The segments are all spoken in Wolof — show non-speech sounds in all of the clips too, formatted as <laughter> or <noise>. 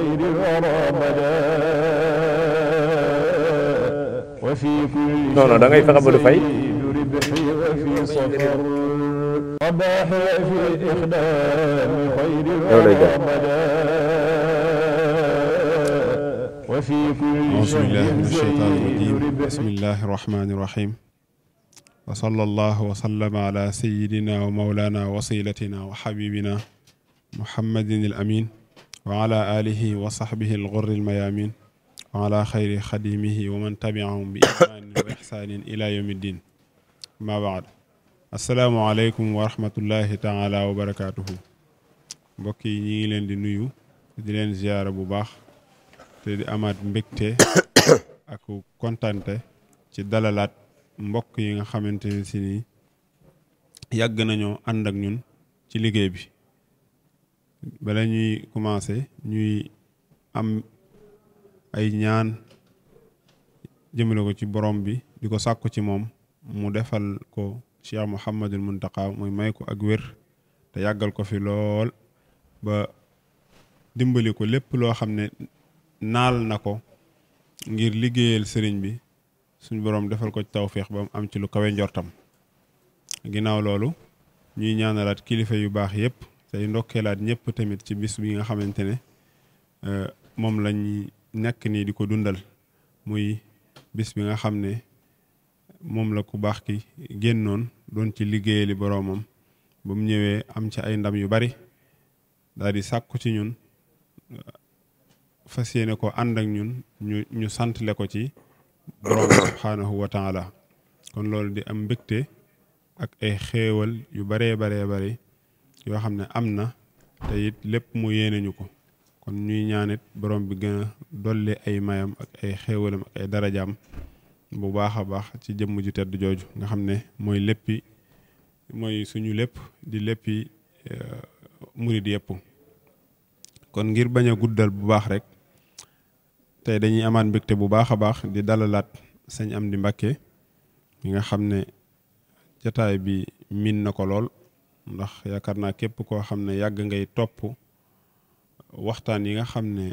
الخير ورمدا وفي كل non non da ngay fexe ba du fay ربحي وفي سفر صباح في إخدام خير ورمدا أعوذ بالله من الشيطان الرجيم بسم الله الرحمن الرحيم وصلى الله وسلم على سيدنا ومولانا وصيلتنا وحبيبنا محمد الأمين wa ala alihi wa sahbihi alghurri almayamin wa ala xadimihi wa man tabiahum bi imaanin wa ixsaanin ila yawmi ddin ma baad asalaamualeykum wa rahmatullahi taala wa barakatuhu mbokk yi ñi ngi leen di nuyu di leen ziyaara bu baax te di amaat mbégte <coughs> ak kontante ci dalalaat mbokk yi nga xamante ne si nii yàgg nañoo ñun ci liggéey bi bala ñuy commencer ñuy am ay ñaan jëmale ko ci boroom bi di ko sàkku ci moom mu defal ko Cheikh Mouhamadul Muntaqa muy may ko ak wér te yàggal ko fi lool ba dimbali ko lépp loo xam ne naal na ko ngir liggéeyal sëriñ bi suñ boroom defal ko ci tawféex ba mu am ci lu kawe njortam ginnaaw loolu ñuy ñaanalaat kilifa yu baax yépp tey ndokkeelaat ñëpp tamit ci bis bi nga xamante ne euh, moom lañ nekk nii di ko dundal muy bis bi nga xam ne moom la ku baax ki génnoon doon ci liggéeyali boroomam ba mu ñëwee am ci ay ndam yu bari daal di sàkku ci ñun fas yéene ko ànd ñun ñu ñu ko ci borom <coughs> subhaanahu wa taala kon loolu di am mbégte ak ay xéewal yu baree baree bari yoo xam ne am na te lépp mu yéene ñu ko kon ñuy ñaanit borom bi gën a dolli ay mayam ak ay xéewalam ak ay darajaam bu baax a baax ci jëmm ju tedd jooju nga xam ne mooy léppi mooy suñu lépp di léppi euh, murid yëpp kon ngir bañ a guddal bu baax rek tey dañuy amaat mbégte bu baax a baax di dalalaat sëñ Amdi Mbàkke mi nga xam ne jataay bi miin na ko lool ndax yaakaar naa képp koo xam ne yàgg ngay topp waxtaan yi nga xam ne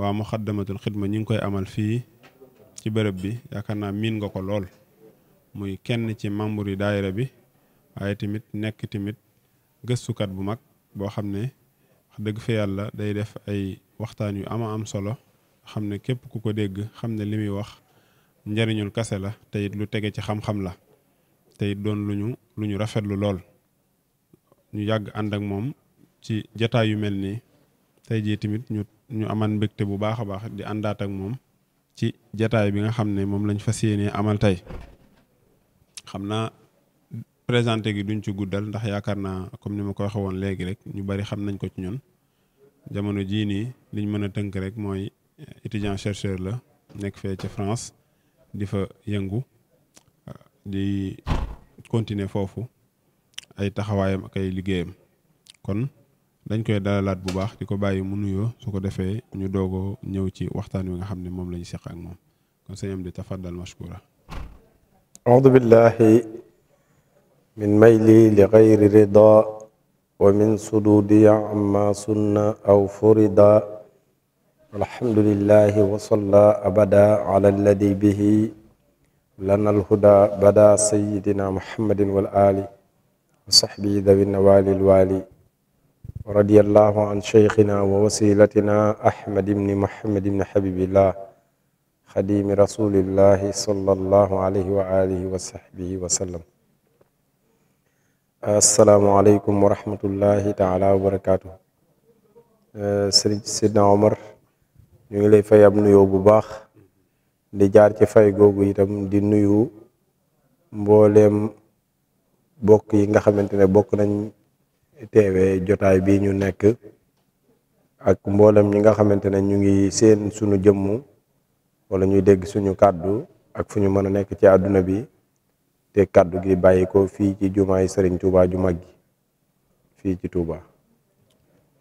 waa muxaddamatul xidma ñi ngi koy amal fii ci bërëb bi yaakaar naa miin nga ko lool muy kenn ci membre yi daayira bi waaye tamit nekk tamit gëstukat bu mag boo xam ne dëgg fi yàlla day def ay waxtaan yu ama am solo xam ne képp ku ko dégg xam ne li muy wax njariñul kase la te it lu tege ci xam-xam la te doon lu ñu lu ñu rafetlu lool ñu yàgg ànd ak moom ci jataay yu mel nii tey jii tamit ñu ñu aman mbégte bu baax a baax di àndaat ak moom ci jataay bi nga xam ne moom lañ fas yéenee amal tey xam naa présenté gi duñ ci guddal ndax yaakaar naa comme ni ma ko waxee woon léegi rek ñu bari xam nañ ko ci ñun jamono jii nii liñ mën a tënk rek mooy étudiant chercheur la nekk fee ca France di fa yëngu di continuer foofu ay taxawaayam ak ay liggéeyam kon dañ koy dalalaat bu baax di ko bàyyi mu nuyoo su ko defee ñu doogoo ñëw ci waxtaan wi nga xam ne moom lañu ñu seq ak moom kon sëñ am di tafaddal mashkura audu billahi min mayli li gayri rida wa min sududi amma sunna aw furida alhamdulillahi wa salla abada ala bihi lana alhuda bada sayidina muhammadin wal ali وصحبه ذوي النوال الوالي ورضي الله عن شيخنا ووسيلتنا أحمد بن محمد بن حبيب الله خديم رسول الله صلى الله عليه وآله وصحبه وسلم asalaamualeykum wa rahmatullahi taala wa barakaatu sëriñ sidna omar ñu ngi lay fay ab nuyoo bu baax di jaar ci fay googu itam di nuyu mbooleem bokk yi nga xamante ne bokk nañ teewee jotaay bi ñu nekk ak mboolem ñi nga xamante ne ñu ngi seen sunu jëmm wala ñuy dégg suñu kàddu ak fu ñu mën a nekk ci àdduna bi te kàddu gi bàyyi fii ci jumaay sëriñ Touba ju mag gi fii ci Touba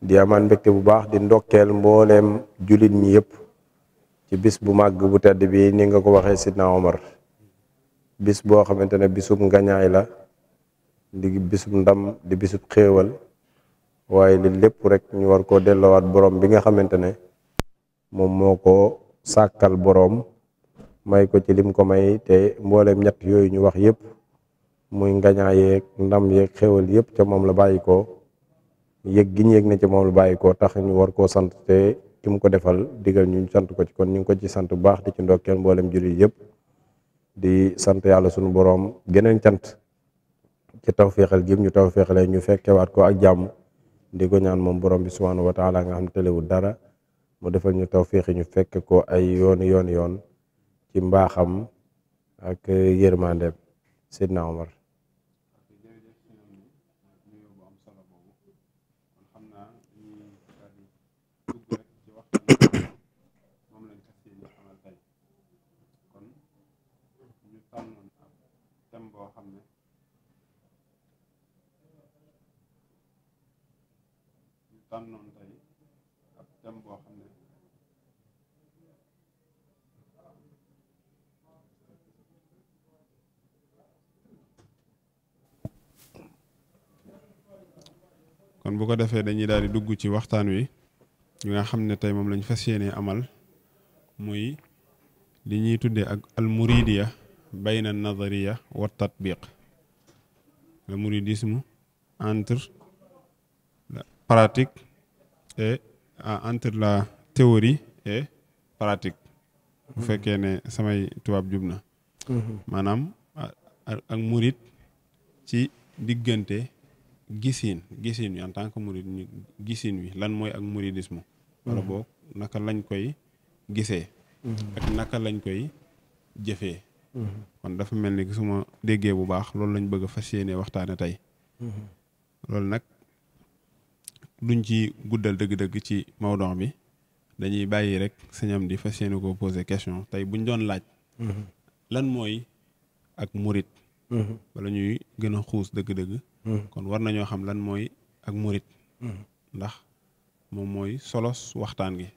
di amaan mbégte bu baax di ndokkeel mbooleem jullit ñi yëpp ci bis bu màgg bu tedd bi ni nga ko waxee Sidna Omar bis boo xamante ne bisum ngañaay la di bisub ndam di bisub xéewal waaye li lépp rek ñu war koo delloowaat boroom bi nga xamante ne moom moo ko sàkkal boroom may ko ci lim ko may te mbooleem ñett yooyu ñu wax yépp muy ngañaa yeeg ndam yeeg xéewal yépp ca moom la bàyyi koo yëg gi ñu na ci moom la bàyyi koo tax ñu war koo sant ki mu ko defal digal ñu sant ko ci kon ñu ngi ko ci sant bu baax di ci ndokkeel mboolem jullit yépp di sant yàlla sunu boroom geneen cant ci tawféexal gi ñu tawféexalee ñu fekkewaat ko ak jàmm di ko ñaan moom borom bi subhaanahu wa taala nga xam telewul dara mu defal ñu tawféexi ñu fekk ko ay yoon yoon yoon ci mbaaxam ak yërmandeem Seydina Omar kon bu ko defee dañuy daal di dugg ci waxtaan wi ñi nga xam ne tey moom lañ fas yéene amal muy li ñuy tuddee ak al muridiya bayna nazariya wa tatbiq le mouridisme entre la pratique et entre la théorie et pratique bu fekkee ne samay tubaab jub na mm-hmm. maanaam ak murid ci diggante gisiin gisiin wi en tant que murid ñu gisiin wi lan mooy ak muridisme wala mhm. boog naka lañ koy gisee mhm. ak naka lañ koy jëfee mhm. kon dafa mel ni gisuma déggee bu baax loolu lañ bëgg a fas yéene waxtaane tey loolu nag duñ ci guddal dëgg-dëgg ci mawdon bi dañuy bàyyi rek sëñam di fas yéene ko poser question tey buñ doon laaj lan mooy ak murid wala ñuy gën a xuus dëgg-dëgg kon war nañoo xam lan mooy ak murit ndax moom mooy solos waxtaan gi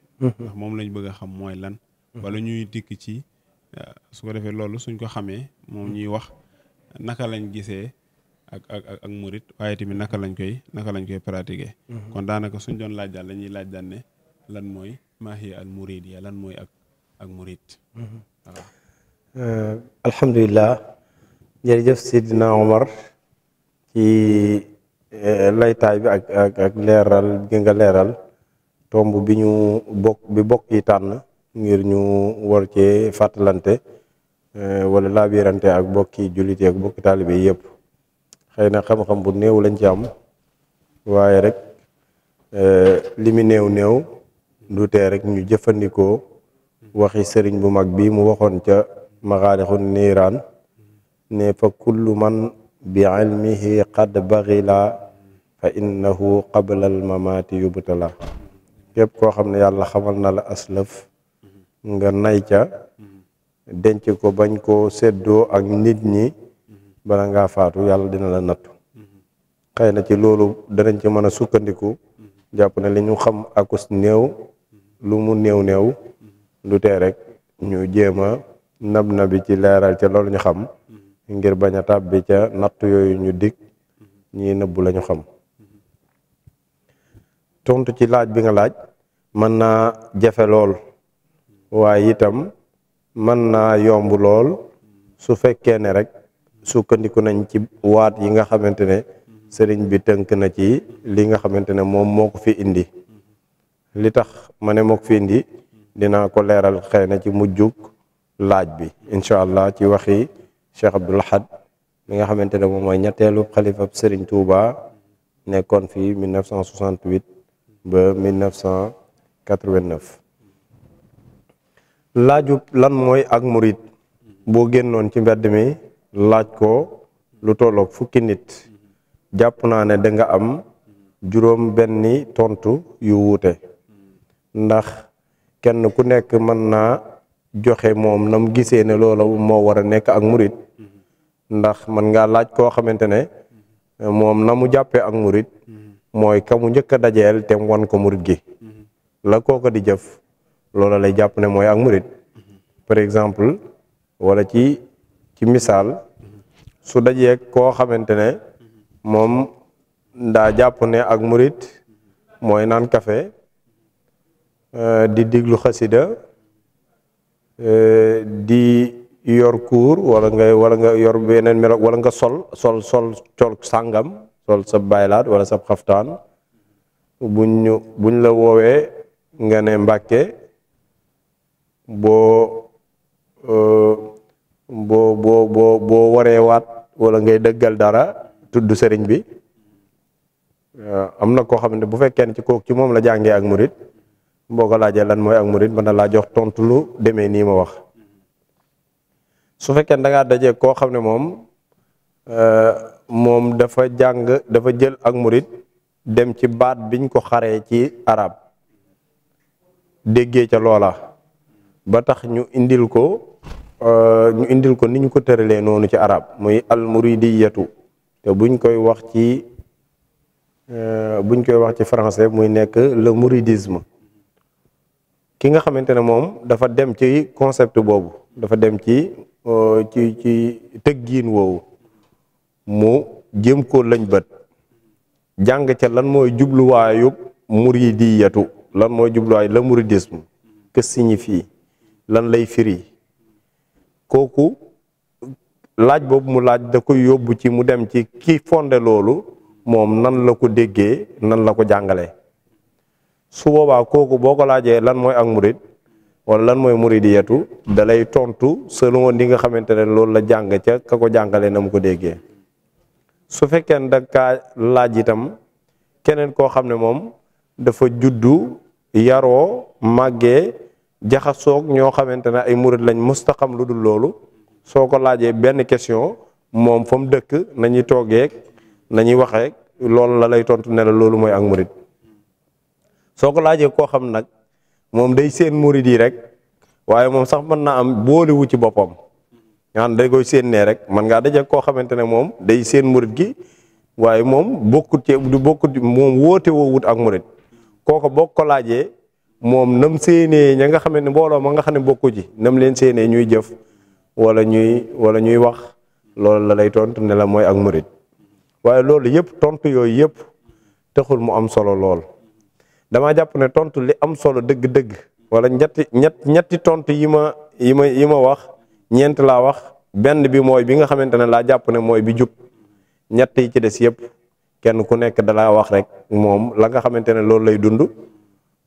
ndax moom lañ bëgg xam mooy lan wala ñuy dikk ci uh, su ko defee loolu suñ ko xamee moom ñuy wax naka lañ gisee ak ak ak murit waaye tamit naka lañ koy naka lañ koy pratiquer kon daanaka suñ doon laaj daal dañuy laaj daal ne lan mooy maahiya al murid ya lan mooy ak ak murit waaw euh, alhamdulilah jërëjëf Omar ci eh, laytaay bi ak ak leeral gi leeral tomb bi ñu bokk bi bokk yi ngir ñu war cee fàttalante eh, wala labirante ak bokki jullit ak bokki taalibe yëpp xëy na xam bu néew lañ ci am waaye rek eh, li mu néew néew du tee rek ñu jëfandikoo waxi sëriñ bu mag bi mu waxoon ca maxaarixu niiraan ne fa kullu bi ilmihi qad baghila fa innahu qabla al mamaati yubtala képp koo xam ne yàlla xamal na la aslëf nga nay ca denc ko bañ koo seddoo ak nit ñi bala nga faatu yàlla dina la nattu xëy na ci loolu danañ ci mën a sukkandiku jàpp na li ñu xam akus néew lu mu néew néew lu tee rek ñu jéem a nab nabi ci leeral ca loolu ñu xam ngir bañ a tàbbi ca natt yooyu ñu dig ñii nëbbu lañu xam tontu ci laaj bi nga laaj mën naa jafe lool waaye itam mën naa yomb lool su fekkee ne rek sukkandiku nañ ci waat yi nga xamante ne sëriñ bi tënk na ci li nga xamante ne moom moo ko fi indi li tax ma ne moo fi indi dinaa ko leeral xëy na ci mujjuk laaj bi incha allah ci waxi Cheikh Abdoul Ahad mi nga xamante ne moom mooy ñetteelu xalifa Serigne Touba nekkoon fii 1968 ba 1989 laajub lan mooy ak murit boo génnoon ci mbedd mi laaj ko lu tolloog fukki nit jàpp naa ne da am juróom benni tontu yu wuute ndax kenn ku nekk mën naa joxe moom na mu gisee ne loola moo war a nekk ak murit ndax man ngaa laaj koo xamante ne moom na mu jàppee ak murit mooy ka mu njëkk a dajeel te wan ko murit gi la kooka di jëf loola lay jàpp ne mooy ak murit par exemple wala ci ci misaal su dajee koo xamante ne moom ndaa jàpp ne ak murit mooy naan kafe di diglu xasida Eh, di yor kuur wala nga wala nga yor beneen melo wala nga sol sol sol col sàngam sol sa baylaat wala sab xaftaan buñ ñu buñ la woowee nga ne mbàkke bo boo eh, bo boo boo waree waat wala ngay dëggal dara tudd sëriñ bi eh, am na koo xam ne bu fekkee ne ci kooku ci moom la jàngee ak murit boo ko laajee lan mooy ak murit mën na laa jox tontu lu demee nii ma wax su fekkee da ngaa dajee koo xam ne moom euh, moom dafa jàng dafa jël ak murit dem ci baat biñ ko xaree ci arab déggee ca loola ba tax ñu indil ko euh, ñu indil ko ni ñu ko tëralee noonu ci arab muy al muridiyatu te buñ koy wax ci euh, buñ koy wax ci français muy nekk le mouridisme ki nga xamante ne moom dafa dem ci concept boobu dafa dem ci euh, ci ci tëggiin woowu mu jëm ko lañ bët jàng ca lan mooy jubluwaayu muridiyatu lan mooy jubluwaay la mouridisme que signifie lan lay firi kooku laaj boobu mu laaj da ko yóbbu ci mu dem ci ki fonde loolu moom nan la ko déggee nan la ko jàngalee su boobaa kooku boo ko laajee lan mooy ak murid wala lan mooy muridiyatu da dalay tontu selon li nga xamante ne loolu la jàng ca ka ko jàngalee na mu ko déggee su fekkee ne da laaj yitam keneen koo xam ne moom dafa juddu yaroo màggee jaxasoog ñoo xamante ne ay murid lañ mustaxam lu dul loolu soo ko laajee benn question moom fa mu dëkk nañuy toogeeg nañuy waxeeg loolu la lay tontu ne la loolu mooy ak murid soo ko laajee koo xam nag moom day seen murid yi rek waaye moom sax mën naa am boolewu ci boppam nga xam day koy séennee rek man ngaa daje koo xamante ne moom day seen murid gi waaye moom bokkut ci du bokkut moom woote woo wut ak murid kooko bokk ko laajee moom nam séenee ña nga xam ne mbooloo ma nga xam ne bokku ci nam leen séenee ñuy jëf wala ñuy wala ñuy wax loolu la lay tontu ne la mooy ak murid waaye loolu yëpp tontu yooyu yëpp taxul mu am solo lool dama jàpp ne tontu li am solo dëgg-dëgg wala ñetti ñett ñetti tontu yi ma yi ma yi ma wax ñeent laa wax benn bi mooy bi nga xamante ne laa jàpp ne mooy bi jub ñett yi ci des yëpp kenn ku nekk dala wax rek moom la nga xamante ne loolu lay dund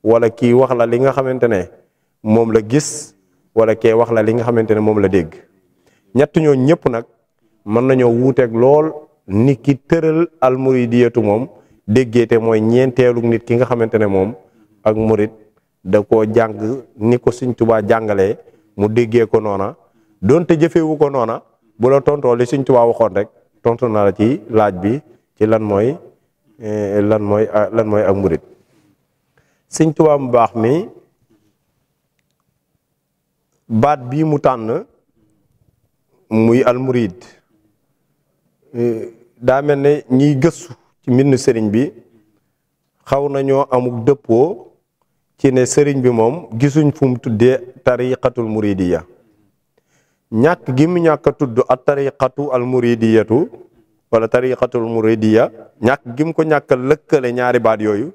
wala kii wax la li nga xamante ne moom la gis wala kee wax la li nga xamante ne moom la dégg ñett ñoo ñëpp nag mën nañoo wuuteeg lool ni ki tëral almuridiyatu moom déggee te mooy ñeenteelu nit ki nga xamante ne moom ak murit da koo jàng ni ko Sëñ Tuubaa jàngalee mu déggee ko noona doonte jëfewu ko noona bu la tontoo li Sëñ Tuubaa waxoon rek tontu na ci laaj bi ci lan mooy eh, ah, lan mooy ak murit Sëñ Tuubaa mu baax mi baat bii mu tànn muy almurid eh, daa mel ne ñiy gëstu ci mbind sëriñ bi xaw nañoo amuk dëppoo ci ne sëriñ bi moom gisuñ fu mu tuddee tarixatul muridiya ñàkk gi mu ñàkk a tudd at tariqatu al muridiyatu wala tariqatul muridiya ñàkk gi ko ñàkk a lëkkale ñaari baat yooyu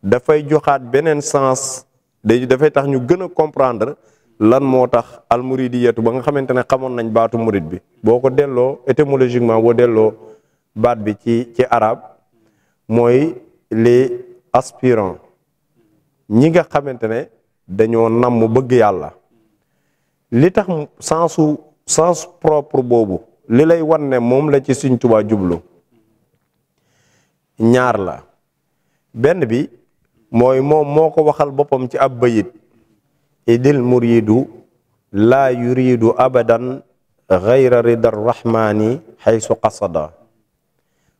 dafay joxaat beneen sens day dafay tax ñu gën a comprendre lan moo tax al muridiyatu ba nga xamante ne xamoon nañ baatu murid bi boo ko delloo étymologiquement boo delloo baat bi ci ci arab mooy les aspirants ñi nga xamante ne dañoo namm bëgg yàlla li tax sensu propre boobu li lay wan moom la ci Sëriñ Tuubaa jublu ñaar la benn bi mooy moom moo ko waxal boppam ci ab bayit idil muridu la yuridu abadan gayra ridar rahmani xaysu qasada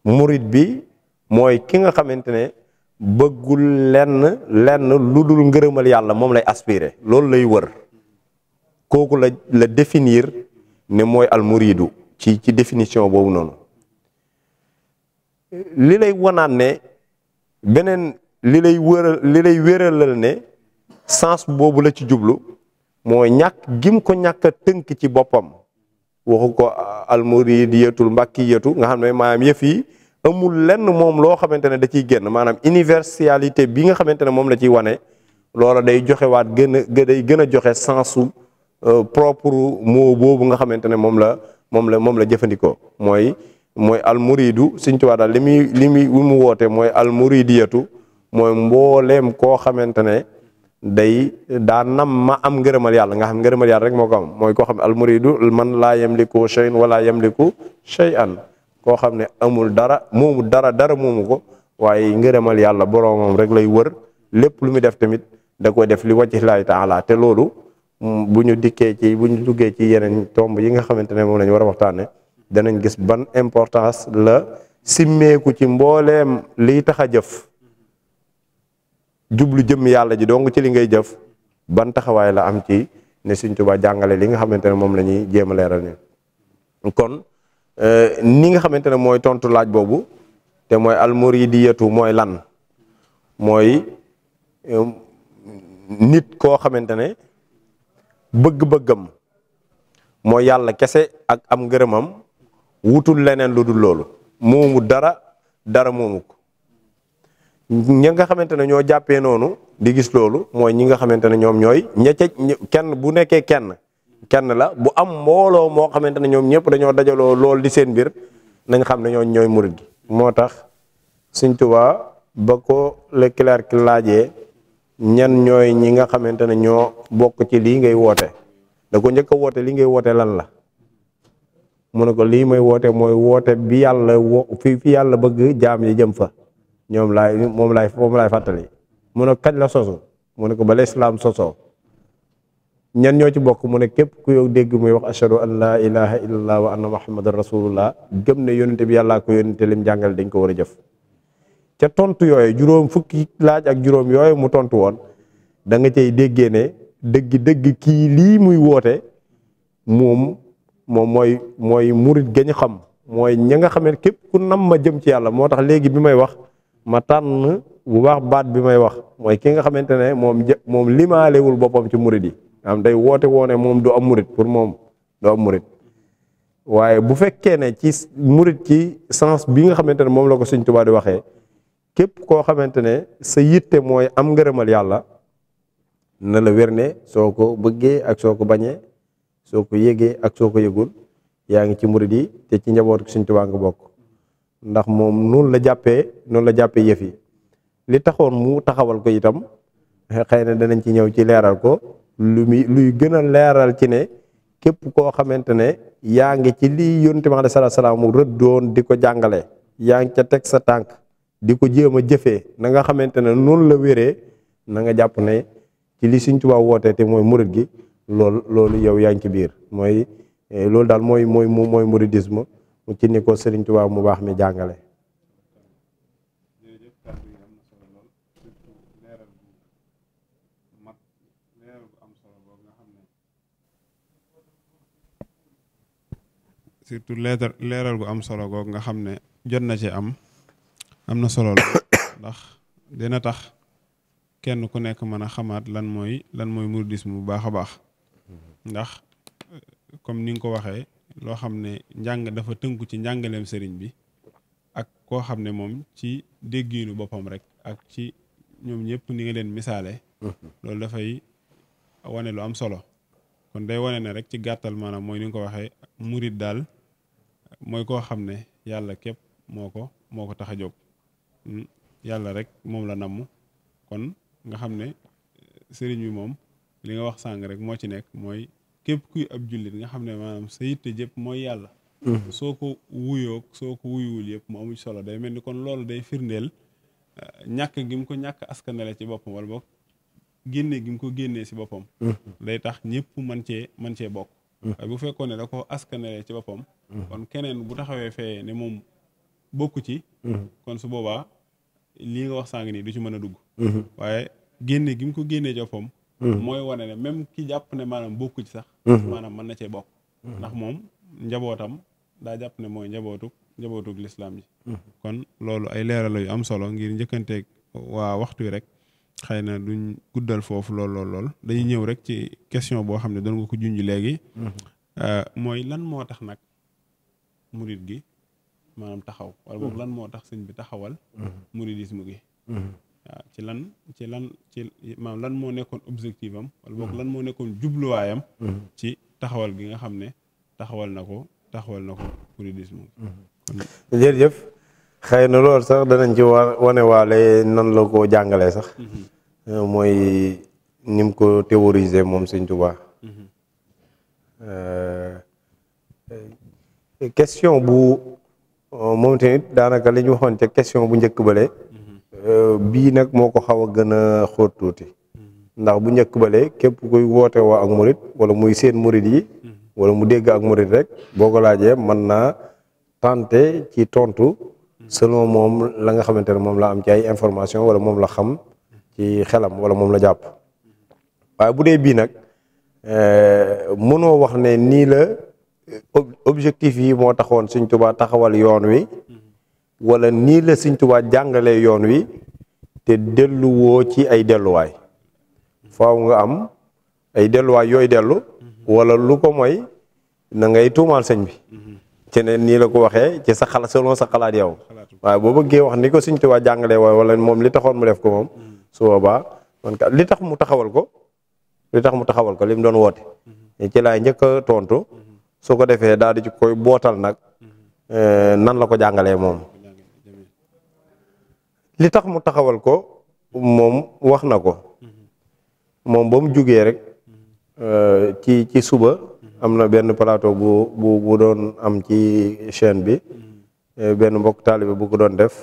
murit bi mooy ki nga xamante ne bëggul lenn lenn lu dul ngërëmal yàlla moom lay aspire loolu lay wër kooku la la définir ne mooy almuridu ci ci définition boobu noonu li lay wanaat ne beneen li lay wëral li lay wéralal ne sens boobu la ci jublu mooy ñàkk gim ko ñàkk tënk ci boppam waxu ko almuridiyatul mbàkkiyatu nga xam ne maanaam yëf yi amul lenn moom loo xamante ne da ciy génn maanaam universalité bi nga xamante ne moom la ciy wane loola day joxewaat gën a day gën a joxe sensu euh, propre mot boobu nga xamante ne moom la moom la moom la jëfandikoo mooy mooy almuridu Sëñ Tuubaa daal li muy li muy mu woote mooy almuridiyatu mooy mbooleem koo xamante ne day daa nam ma am ngërëmal yàlla nga xam ngërëmal yàlla rek moo ko mooy koo xam ne almuridu man laa yamliku shay'an wala yamliku shay'an koo xam ne amul dara moomu dara dara moomu ko waaye ngërëmal yàlla boroomam rek lay wër lépp lu muy def tamit da koy def li wajhi llaahi taala te loolu mm, bu ñu dikkee ci bu ñu duggee ci yeneen tomb yi nga xamante ne moom la ñu war a waxtaane danañ gis ban importance la simmeeku ci mbooleem li tax a jëf jublu jëm yàlla ji dong ci li ngay jëf ban taxawaay la am ci ne Sëriñ Tuubaa jàngale li nga xamante ne moom la ñuy jéem a leeral ni kon euh, ni nga xamante ne mooy tontu laaj boobu te mooy yetu mooy lan mooy euh, nit koo xamante ne bëgg-bëggam mooy yàlla kese ak am ngërëmam wutul leneen lu dul loolu moomu dara dara moomu ñi nga xamante ne ñoo jàppee noonu di gis loolu mooy ñi nga xamante ne ñoom ñooy ña kenn bu nekkee kenn kenn la bu am mbooloo moo xamante ne ñoom ñëpp dañoo dajaloo lool di seen biir nañ xam ne ñooy murid gi moo tax Sëñ Tuubaa ba ko le clerc laajee ñan ñooy ñi nga xamante ne ñoo bokk ci lii ngay woote da ko njëkk woote li ngay woote lan la mu ne ko lii may woote mooy woote bi yàlla wo fi fi yàlla bëgg jaam yi jëm fa ñoom laay moom laay moom laay fàttali mu ne kañ la sosu mu ne ko ba lislaam sosoo ñan ñoo ci bokk mu ne képp ku yow dégg muy wax ashhadu an laa ilaha illallah wa anna muhammadan rasulullah gëm ne yónente bi yàllaa ko yónente lim jàngale dañ ko war a jëf ca tontu yooyu juróom fukki laaj ak juróom yooyu mu tontu woon danga nga cay déggee ne dëgg dëgg kii lii muy woote moom moom mooy mooy murit gañ xam mooy ña nga xam képp ku nam ma jëm ci yàlla moo tax léegi bi may wax ma tànn bu baax baat bi may wax mooy ki nga xamante ne moom jë moom limaalewul boppam ci murit yi am day woote woone moom du am murit pour moom du am murit waaye bu fekkee ne ci murit ci sens bi nga xamante ne moom la ko Sëñ Tuubaa di waxee képp koo xamante ne sa yitte mooy am ngërëmal yàlla na la wér ne soo ko bëggee ak soo ko bañee soo ko yëgee ak soo ko yëgul yaa ngi ci murit yi te ci njabootu Sëñ Tuubaa nga bokk ndax moom noonu la jàppee noonu la jàppee yëf yi li taxoon mu taxawal ko itam xëy na danañ ci ñëw ci leeral ko lu muy luy gën a leeral ci ne képp koo xamante ne yaa ngi ci lii yonent bi alayhi salaam mu rëddoon di ko jàngale yaa ngi ca teg sa tànk di ko jéem a jëfee na nga xamante ne noonu la wéree na nga jàpp ne ci li Sëriñ Tuubaa wootee te mooy murit gi loolu loolu yow yaa ngi ci biir mooy eh, loolu daal mooy mooy mooy mouridisme mu ci ni ko Sëriñ Tuubaa mu baax mi jàngale surtout leeral leeral gu am solo goog nga xam ne jot na ci am am na solo <coughs> ndax dina tax kenn ku nekk mën a xamaat lan mooy lan mooy mouridisme bu baax a baax mm-hmm. ndax comme ni nga ko waxee loo xam ne njàng dafa tënku ci njàngaleem sëriñ bi ak koo xam ne moom ci déggiinu boppam rek ak ci ñoom ñëpp ni nga leen misaale loolu dafay wane lu am solo kon day wane ne rek ci gàttal maanaam mooy ni nga ko waxee murit daal mooy koo xam ne yàlla képp moo ko moo ko tax a jóg yàlla rek moom la namm kon nga xam ne sëriñ bi moom li nga wax sàng rek moo ci nekk mooy képp kuy ab jullit nga xam ne maanaam sa yitte jëpp mooy yàlla mhm. soo ko wuyoog soo ko wuyuwul yëpp mu amu ci solo day mel ni kon loolu day firndeel eh, ñàkk gi mu ko ñàkk askanale ci boppam wala boog génne gi ko génnee si boppam mhm. tax ñëpp man cee man cee bokk mhm. bu fekkoon ne da ko askanale ci boppam kon keneen bu taxawee fee ne moom bokk ci kon su boobaa lii nga wax ngi nii du ci mën a dugg waaye génne gi mu ko génnee ci boppam Mm-hmm. mooy wane ne même ki jàpp ne maanaam bokku ci sax mm-hmm. maanaam mën na cee bokk mm-hmm. ndax moom njabootam daa jàpp ne mooy njabootuk njabootug lislaam ji kon loolu ay leeral yu am solo ngir njëkkanteeg waa waxtu wi rek xëy na duñ guddal foofu lool lool lool dañuy ñëw rek ci question boo xam ne doon ko junj léegi euh, mooy lan moo tax nag murit gi maanaam taxaw wala boog lan moo tax sëñ bi taxawal muridisme gi waaw ci lan ci lan ci maam lan moo nekkoon objectif am wala boog hmm. lan moo nekkoon jubluwaayam hmm. ci taxawal gi nga xam ne taxawal na ko taxawal na ko mouridisme hmm. jërëjëf xëy na loolu sax danañ ci wane waale nan la ko jàngalee sax euh, mooy ni mu ko théoriser moom sëñ Tuubaa euh, euh, question bu moom tamit daanaka li waxoon ca question bu njëkk bale Euh, bii nag moo ko xaw a gën a xóot tuuti ndax bu njëkk balee képp kuy woote woo ak murit wala muy seen morit yi wala mu dégg ak morit rek boo ko laajee mën naa tenter ci tontu selon moom la nga xamante ne moom la am ci ay information wala moom la xam ci xelam wala moom la jàpp waaye bu dee bii nag euh, mënoo wax ne nii la objectif yi moo taxoon Sëñ Tuubaa taxawal yoon wi wala nii la Sëñ Tuubaa jàngalee yoon wi te delluwoo ci ay delluwaay faw nga am ay delluwaay yooyu dellu wala lu ko mooy na ngay tuumaal sëñ bi ci ne nii la ko waxee ci sa xalaat selon xalaat yow waaye boo bëggee wax ni ko Sëñ waa jàngalee waaye wala moom li taxoon mu def ko moom su boobaa man li tax mu taxawal ko li tax mu taxawal ko li mu doon woote ci laay njëkk tontu soo ko defee daal di ci koy bootal nag eh, nan la ko jàngalee moom li tax mu taxawal ko moom wax na ko moom ba mu jugee rek euh, ci ci suba am na benn plateau bu bu doon am ci chaîne bi euh, benn mbokk taalibe bu ko doon def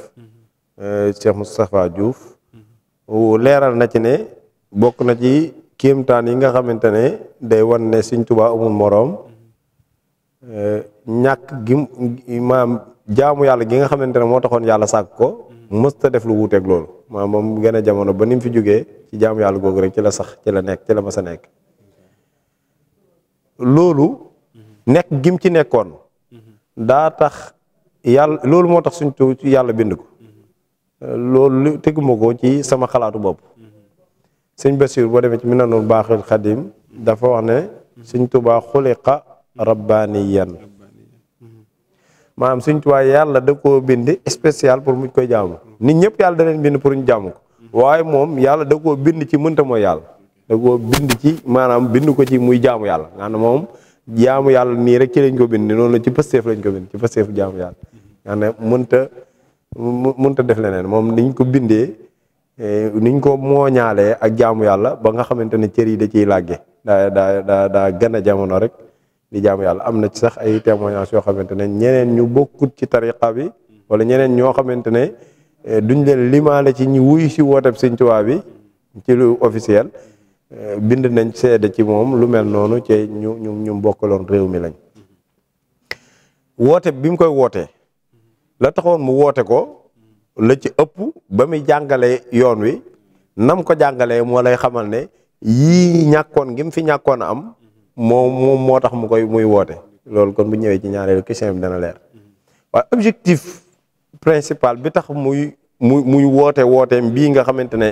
euh, Cheikh Moustapha Diouf leeral na ci ne bokk na ci kéemtaan yi nga xamante ne day wanne ne Sëñ Tuubaa amul moroom ñàkk gi maam jaamu yàlla gi nga xamante ne moo taxoon yàlla sàkk ko mësta def lu wuuteeg loolu maanaam moom gën a jamono ba ni fi jógee ci jaam yàlla googu rek ci la sax ci la nekk ci la mas a nekk loolu nekk gim ci nekkoon daa tax yàlla loolu moo tax suñ tu yàlla bind ko loolu teguma ko ci sama xalaatu bopp sëñ Basiir boo demee ci mi nanul baaxul xadim dafa wax ne sëñ Tuubaa xuliqa rabbaniyan maanaam Sëñ Tuubaa yàlla da koo bind spécial pour mu koy jaamu nit ñëpp yàlla da leen bind pour ñu jaamu ko waaye moom yàlla da koo bind ci mënta mooy yàlla da koo bind ci maanaam bind ko ci muy jaamu yàlla maanaam moom jaamu yàlla nii rek lañ ko bind noonu la ci pësteef lañ ko bind ci pësteef jaamu yàlla maanaam mënta mënta def leneen moom niñ ko bindee eh, niñ ko mooñaale ak jaamu yàlla ba nga xamante ne cër yi da ciy làgge daa daa daa daa gën a jamono rek di jaamu yàlla am na ci sax ay témoignages yoo xamante ne ñeneen ñu bokkut ci tariqa bi wala ñeneen ñoo xamante ne eh, duñ leen limaale ci ñu wuy si woote Sëñ Tuubaa bi ci lu officiel eh, bind nañ seede ci moom lu mel noonu ci ñu ñu réew mi lañ woote bi koy wootee la taxoon mu woote ko la ci ëpp ba muy jàngale yoon wi nam ko jàngalee moo lay xamal ne yii ñàkkoon ngim fi ñàkkoon a am moom moo tax mu koy muy woote loolu kon bu ñëwee ci ñaareelu question bi dana leer waaye objectif principal bi tax muy muy muy woote wooteem bii nga xamante ne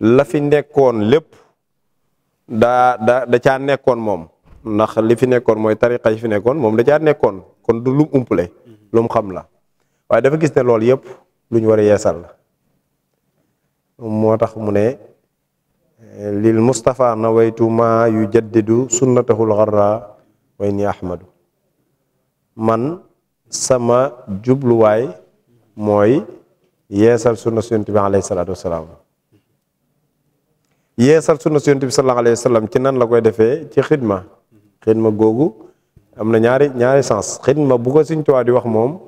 la fi nekkoon lépp daa da da caa nekkoon moom ndax li fi nekkoon mooy tariqa yi fi nekkoon moom da caa nekkoon kon du lum umpale lum xam la waaye dafa gis ne loolu yëpp lu ñu war a yeesal la moo tax mu ne lil Mustafa nawaytu ma yu jaddidu sunnatahul xarra way ni Ahmadu man sama jubluwaay mooy yeesal sunna su yonent bi alayhi salaatu wasalaam yeesal sunna su bi sallallahu alayhi ci nan la koy defee ci xidma xidma googu am na ñaari ñaari sens xidma bu ko Sëñ Tuubaa di wax moom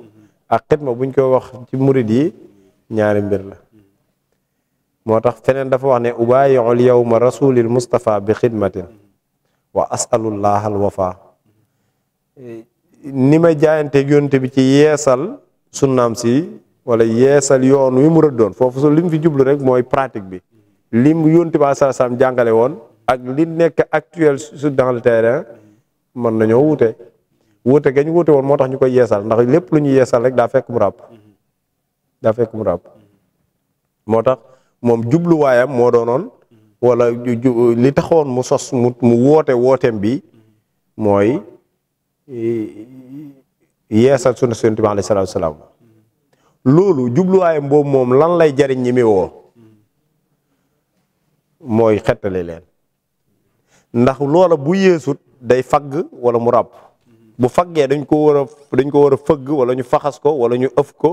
ak xidma buñ koy wax ci murid yi ñaari mbir la moo tax feneen dafa wax ne ubaayiul yawma rasulil mustafa bi xidmatin wa asalullah al wafa ni ma jaayanteeg yonte bi ci yeesal sunnaam si wala yeesal yoon wi mu rëddoon foofu su li fi jublu rek mooy pratique bi lim yonte bi alayhi salaam jàngale woon ak li nekk actuel su dans le terrain mën nañoo wute wute gañ wute woon moo tax ñu koy yeesal ndax lépp lu ñu yeesal rek daa fekk mu moo tax moom jubluwaayam moo doonoon wala li taxoon mu sos mu mu woote wooteem bi mooy yeesal sunna Yonent bi alayhi salaatu wa salaam loolu jubluwaayam boobu moom lan lay jariñ ñi mi woo mooy xettali leen ndax loola bu yeesut day fagg wala mu ràbb bu faggee dañ ko war dañ ko war a fëgg wala ñu faxas ko wala ñu ëf ko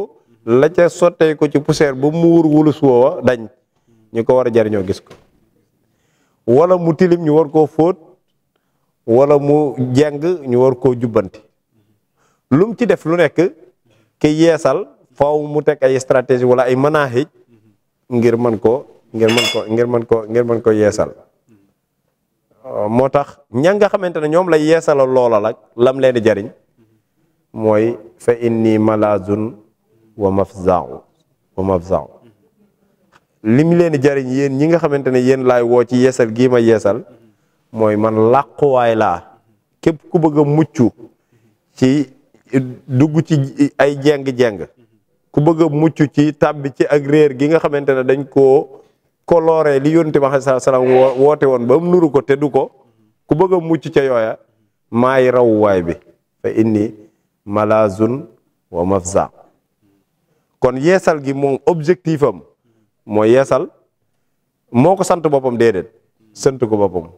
la ca sottee ko ci poussière ba muur wulus woowa dañ ñu ko war a jariñoo gis ko wala mu tilim ñu war koo fóot wala mu jeng ñu war koo jubbanti lum ci def lu nekk ki yeesal faaw mu teg ay stratégie wala ay manaaxij ngir mën ko ngir mën ko ngir mën ko yeesal euh, moo tax ña nga xamante ne ñoom lay yeesalal loola lak lam leen di jariñ mooy fa inni malazun wa mafza'u wa lim leen di jariñ yéen ñi nga xamante ne yéen laay woo ci yeesal gii ma yeesal mooy man làquwaay laa képp ku bëgg a mucc ci dugg ci ay jeng-jeng ku bëgg a mucc ci tàbbi ci ak gi nga xamante ne dañ koo coloré li yonte ma sallallahu alayhi wasallam woote woon ba mu nuru ko te du ko ku bëgg a mucc ca yooya maay rawuwaay bi fa inni malazun wa mafza kon yeesal gi moom objectif moo yeesal moo ko sant boppam déedéet sant ko boppam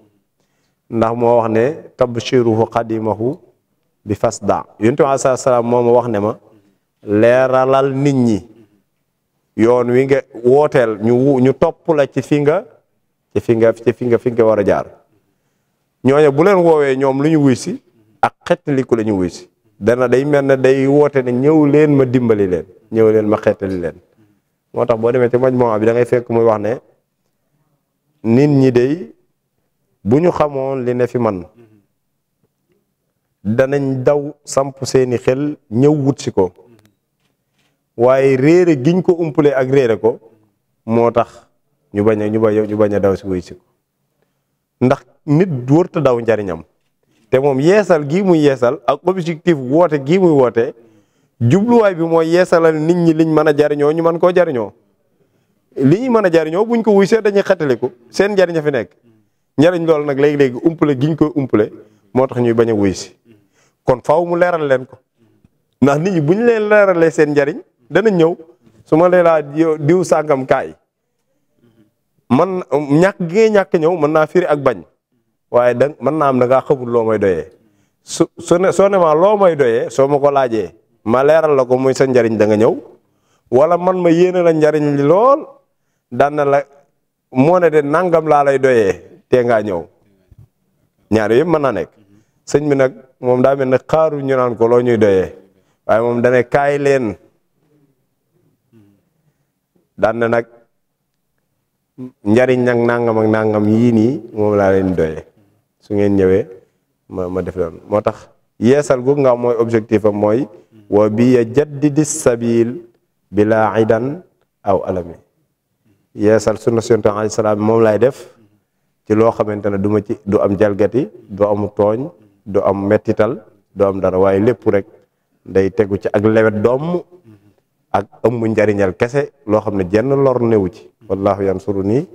ndax moo wax ne tabshiruhu qadimahu bi fasda yonent bi alayhi salaam moo ma wax ne ma leeralal nit ñi yoon wi nga wooteel ñu ñu topp la ci fi nga ci fi nga ci fi nga fi nga war a jaar ñooñu bu leen woowee ñoom lu ñu wuy si ak xettaliku la ñu wuy si dana day mel ne day woote ne ñëw leen ma dimbali leen ñëw leen ma xettali leen moo tax boo demee te ci majmuwa bi da ngay fekk muy wax nit ñi day bu ñu xamoon li ne fi man danañ daw samp seeni xel ñëw wut si ko waaye réere giñ ko umpule ak réere ko moo tax ñu bañ a ñu bañ ñu bañ a daw si wuy ko ndax nit wërta daw njariñam te moom yeesal gii muy yeesal ak objectif woote gii muy woote jubluwaay bi mooy yeesalal nit ñi liñ mën a jariñoo ñu man koo jariñoo li ñu mën a jariñoo buñ ko wuy see dañuy xetaliku seen njariñ a fi nekk njariñ loolu nag léegi-léegi umpale giñ koy umpale moo tax ñuy bañ a wuy si kon faaw mu leeral leen ko ndax nit ñi buñ leen leeralee seen njariñ dana ñëw su ma leelaa diw sàngam kaay man ñàkk gi ngay ñàkk ñëw mën naa firi ak bañ waaye da mën naa am da ngaa xamul loo may doyee su su ne soo ne maa loo may doyee soo ma ko laajee ma leeral la ko muy sa njariñ da nga ñëw wala man ma yéene la njariñ li lool daan na la moo ne de nangam laa lay doyee tee ngaa ñëw ñaar yëpp mën naa nekk sëñ bi nag moom daa mel ne xaaru ñu ñuy doyee waaye moom kaay leen daan na nag njariñ nag nangam nangam yii nii moom laa leen doyee su ngeen ñëwee ma ma def loolu moo tax yeesal googu nga mooy objectif am mooy wa bi yajaddidi sabil bila idan aw alami yeesal sunna siyonte alayhi salaam moom laay def ci loo xamante ne du ci du am jalgati du amu tooñ du am mettital du am dara waaye lépp rek day tegu ci ak lewet doom ak ëmb njariñal kese loo xam ne jenn lor newu ci wallahu yansuru nii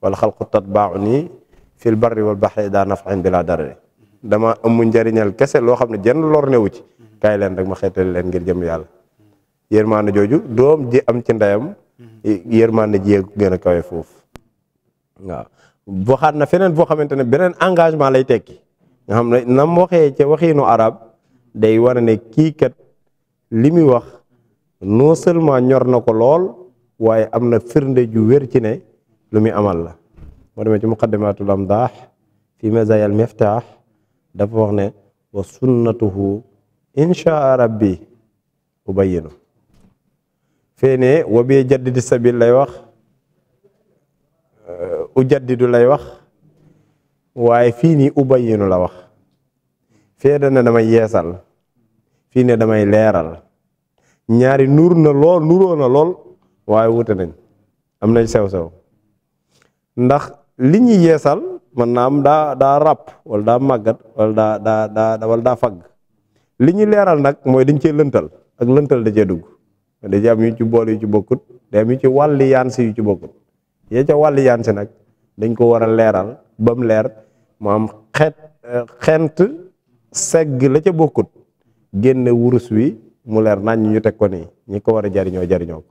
wal xalqu tatbaaxu ni fil barri wal baxri daa nafxin bila dara dama ëmb njariñal kese loo xam ne jenn lor newu ci kaay leen rek ma xeetali leen ngir jëm yàlla yërmaande jooju doom ji am ci ndeyam yërmaande ji gën a kawe foofu waaw waxaat na feneen boo xamante ne beneen engagement lay tekki nga xam ne nam waxee ca waxiinu arab day wane ne kii kat li muy wax non seulement ñor na ko lool waaye am na firnde ju wér ci ne lu muy amal la moo demee ci muqaddimatul amdaax fi mazayal miftaax dafa wax ne wa sunnatuhu inchaa rabbi ubayinu feene wa bee jaddidi sabil lay wax u euh, jaddidu lay wax waaye fii nii ubayinu la wax fee dana damay yeesal fii ne damay leeral ñaari nuur na lool nuroo na lool waaye wute nañ am nañ sew-sew ndax li ñuy yeesal man naa am daa daa ràpp daa màggat wala daa daa daa wala daa fagg li ñuy leeral nag mooy dañ cee lëntal ak lëntal da cee dugg da ci am yu ci bool yu ci bokkut day am yu ci wàlli yaansi yu ci bokkut yee ca wàlli yaansi nag dañ ko war a leeral ba mu leer mu am xeet eh, xent segg la ca bokkut génne wurus wi mu leer nañ ñu teg ko nii ñi ko war a jariñoo jariñoo ko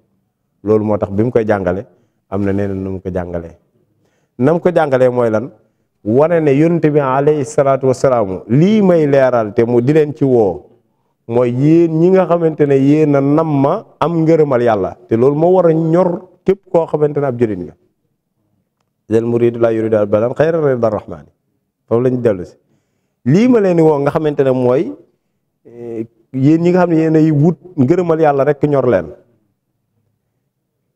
loolu moo tax bi mu koy jàngale am na neneen nu ko jàngalee nam ko jàngalee mooy lan wane ne yonent bi alayhi salaatu wasalaamu lii may leeral te mu di leen ci woo mooy yéen ñi nga xamante ne yéen a nam ma am ngërëmal yàlla te loolu moo war a ñor képp koo xamante ne ab jëriñ nga del muridu la yuridu al balan xayra rida rahmaani foofu lañ dellu si lii ma leen di woo nga xamante ne mooy eh, yéen ñi nga xam ne yéen ay wut ngërëmal yàlla rek ñor leen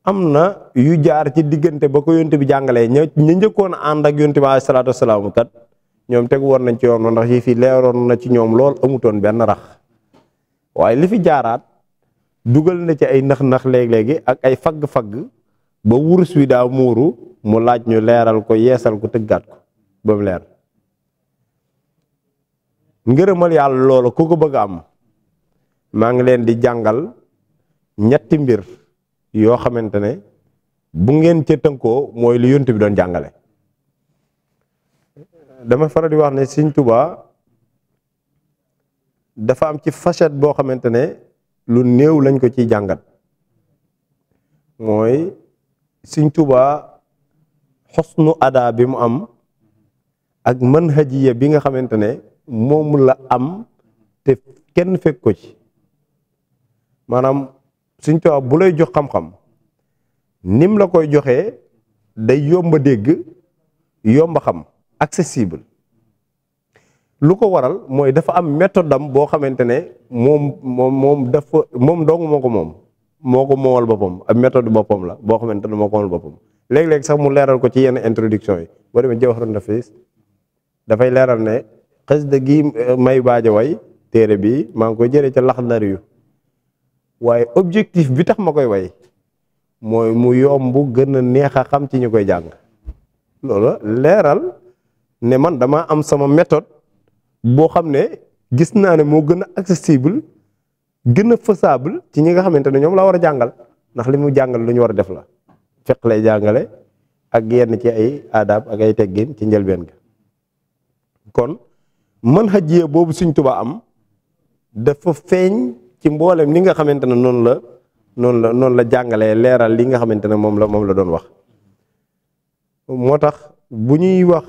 am na yu jaar ci diggante ba ko yonte bi jàngalee ña ña njëkkoon ànd ak yonte bi alayhi salaatu kat ñoom tegu woon nañ ci yoon ndax yi fi leeroon na ci ñoom lool amutoon benn rax waaye li fi jaaraat dugal na ci ay nax-nax léeg-léegi ak ay fagg-fagg ba wurus wi daa muuru mu laaj ñu leeral ko yeesal ko tëggaat ko ba mu leer ngërëmal yàlla loola ko ko bëgg am maa ngi leen di jàngal ñetti mbir yoo xamante ne bu ngeen ca tënkoo mooy li yonent bi doon jàngale dama faral di wax ne Sëñ Tuubaa dafa am ci facette boo xamante ne lu néew lañ ko ciy jàngat mooy Sëñ Tuubaa xosnu adaa bi mu am ak manhajiya bi nga xamante ne moom la am te kenn fekk ko ci maanaam Sëñ Tuubaa bu lay jox xam-xam nim la koy joxee day yomb dégg yomba xam accessible lu ko waral mooy dafa am méthode am boo xamante ne moom moom moom dafa moom dong moo ko moom moo ko moomal boppam ab méthode boppam la boo xamante ne moo ko moomal boppam léeg-léeg sax mu leeral ko ci yenn introduction yi boo demee Jawharun Nafiis dafay leeral ne xës gi may baaja way téere bi maa ngi koy jëlee ca Laxdari yu waaye objectif bi tax ma koy way mooy mu yomb gën a neex a xam ci ñu koy jàng loolu leeral ne man dama am sama méthode boo xam ne gis naa ne moo gën a accessible gën a faisable ci ñi nga xamante ne ñoom la war a jàngal ndax li mu jàngal lu ñu war a def la fiq lay jàngale ak yenn ci ay adab ak ay teggin ci njëlbeen ga kon man xajjee boobu Sëriñ Tuubaa am dafa feeñ ci mboolem li nga xamante ne noonu la noonu la noonu la jàngalee leeral li nga xamante ne moom la moom la doon wax moo tax bu ñuy wax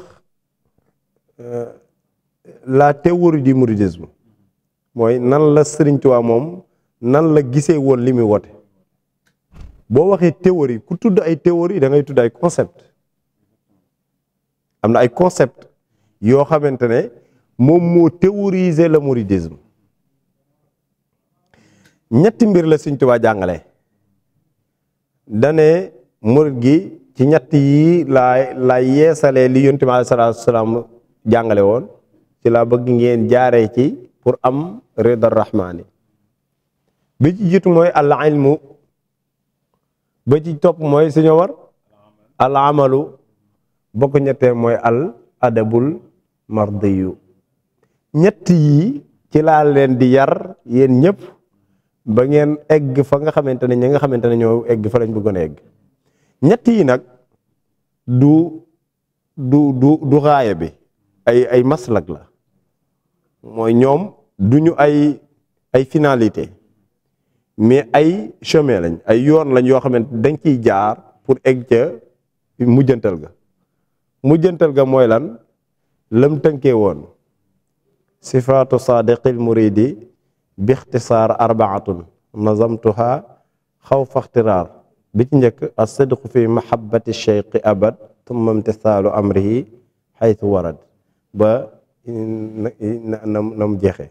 euh, laa théorie du mouridisme mooy nan la Sëriñ Tuubaa moom nan la gisee woon li muy woote boo waxee théorie ku tudd ay théorie da ngay tudd ay concept am na ay concept yoo xamante ne moom moo théoriser la mouridisme ñetti mbir la Sëñ Tuubaa jàngale dane murit gi ci ñett yi laa laa yeesalee li yonent bi alayhi salaam jàngale woon ci laa bëgg ngeen jaaree ci pour am rida rahmaani bi ci jiitu mooy al ilmu al amalu ba ñettee mooy al adabul mardiyu ñett yi ci laa leen di yar yéen ñëpp ba ngeen egg fa nga xamante ne ñi nga xamante ne ñoo egg fa lañ bëggoon egg ñett yi nag du du du du raaya bi ay ay maslak la mooy ñoom duñu ay ay finalité mais ay chemin lañ ay yoon lañ yoo xamante dañ kiy jaar pour egg ca mujjantal ga mujjantal ga mooy lan lam tënkee woon si sifaatu saadiqil muridi bi ixtisaar arbaatun nazamtuha xaw faxtiraar bi ci njëkk as-sidqu fi mahabbati cheikhi abad tumma imtisaalu amrihi xaytu warad ba na na mu jeexee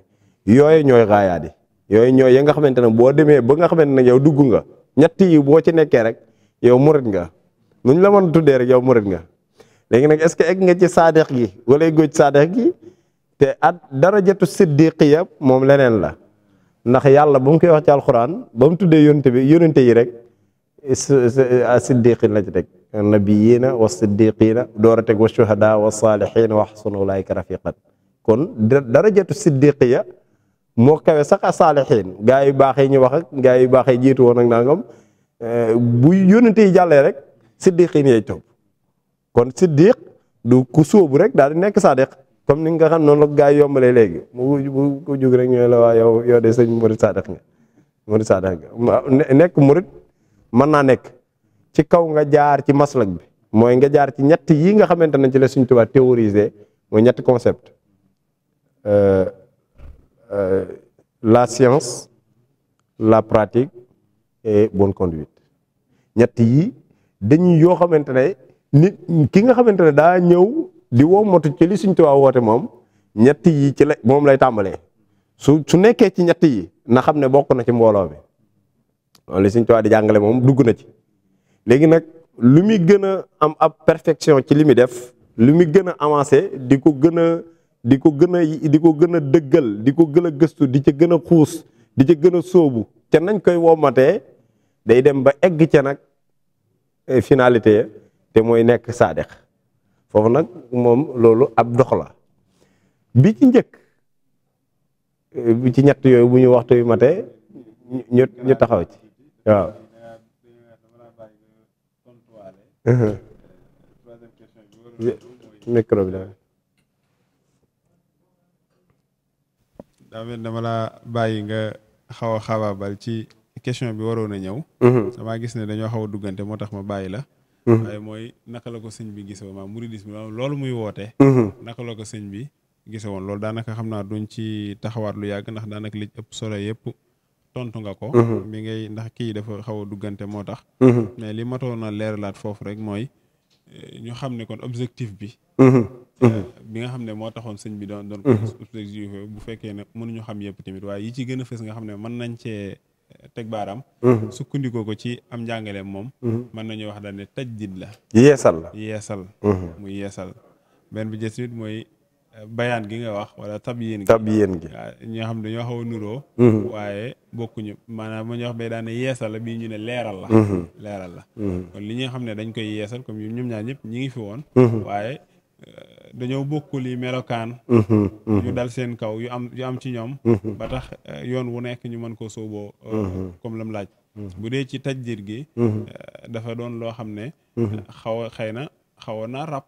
yooyu ñooy raayaat yi yooyu ñooy ya nga xamante ne boo demee ba nga xamante ne yow dugg nga ñett yi boo ci nekkee rek yow murit nga nuñ la mën tuddee rek yow murit nga léegi nag est-ce que egg nga ci saadex gi wala góoj saadex gi te at darajatu siddiqiya moom leneen la ndax yàlla ba mu koy wax ci alxuraan ba mu tuddee yónente bi yónente yi rek siddiqin la ci teg nabiyina wa siddiqina door a teg wa shuhada wa saalihin wa xasuna ulaayka rafiqan kon dara darajatu siddiqiya moo kawe sax a saalihin gaa yu baaxee ñu wax ak gaa yu baaxee jiitu woon ak nangam eh, bu yónente yi jàllee rek siddiqin yay topp kon siddiq du ku sóobu rek daal di nekk sadiq comme ni nga xam noonu la gaa yi yombalee léegi mu ko jóg rek ñu la waa yow yow de sëñ Murid Saadax nga Murid Saadax nga nekk murid mën naa nekk ci kaw nga jaar ci maslak bi mooy nga jaar ci ñett yii nga xamante ne ci la Sëñ Tuubaa théorisé mooy ñetti concept euh, euh, la science la pratique et bonne yoo xamante ne ki nga xamante ne daa ñëw di woo motu ci li Sëriñ Tuubaa woote moom ñetti yi ci la moom lay tàmbalee su su nekkee ci ñett yi na xam ne bokk na ci mbooloo bi loolu li Sëriñ Tuubaa di jàngale moom dugg na ci léegi nag lu muy gën a am ab perfection ci li muy def lu muy gën a avancé di ko gën a di ko gën a di ko gën a dëggal di ko gën a gëstu di ca gën a xuus di ca gën a sóobu te nañ koy wommatee day dem ba egg ca nag eh, finalité te mooy nekk saadex foofu nag moom loolu ab dox la bi ci njëkk bi ci ñett yooyu bu ñuy waxtu yu matee ñu ñu taxaw ci waaw micro bi daa mel dama laa bàyyi nga xaw a xabaabal ci question bi waroon a ñëw mhm. damaa gis ne dañoo xaw a duggante moo tax ma bàyyi la Mhm. waaye mooy naka la ko sëñ bi gise woon maanaam loolu muy woote mhm. naka la ko sëñ bi gise woon loolu daanaka xam naa duñ ci taxawaat lu yàgg ndax daanaka li ëpp solo yëpp tontu nga ko bi mhm. ngay ndax kii dafa xaw a duggante moo tax mais li matoon a leeralaat foofu rek mooy eh, ñu xam ne kon objectif bi eh, bi nga xam ne moo taxoon sëñ bi doon doon objectif bu fekkee ne mënuñu xam yëpp tamit waaye yi ci gën a fës nga xam ne mën nañ cee teg baaraam mhm. sukkandikoo ko ci am njàngaleem moom mhm. mën nañu wax daal ne tajdid la yeesal la yeesal mhm. mu yeesal benn bi jës nit mooy eh, bayaan gi nga wax wala tab yéen gi tab yéen gi waaw ah, ñi nga xam dañoo xaw nuroo waaye bokkuñu maanaam moo ñu wax bay daan ne yeesal la bii ñu ne leeral la leeral la kon li ñi xam ne dañ koy yeesal comme ñoom ñaar ñëpp ñi ngi fi woon waaye eh, dañoo bokkul yi melokaan mhm, mhm. yu dal seen kaw yu am am ci ñoom mhm. ba tax eh, yoon wu nekk ñu mën koo sóoboo eh, comme lam laaj bu dee ci tajdir gi eh, dafa doon loo xam ne xaw a xëy na xawoon naa ràpp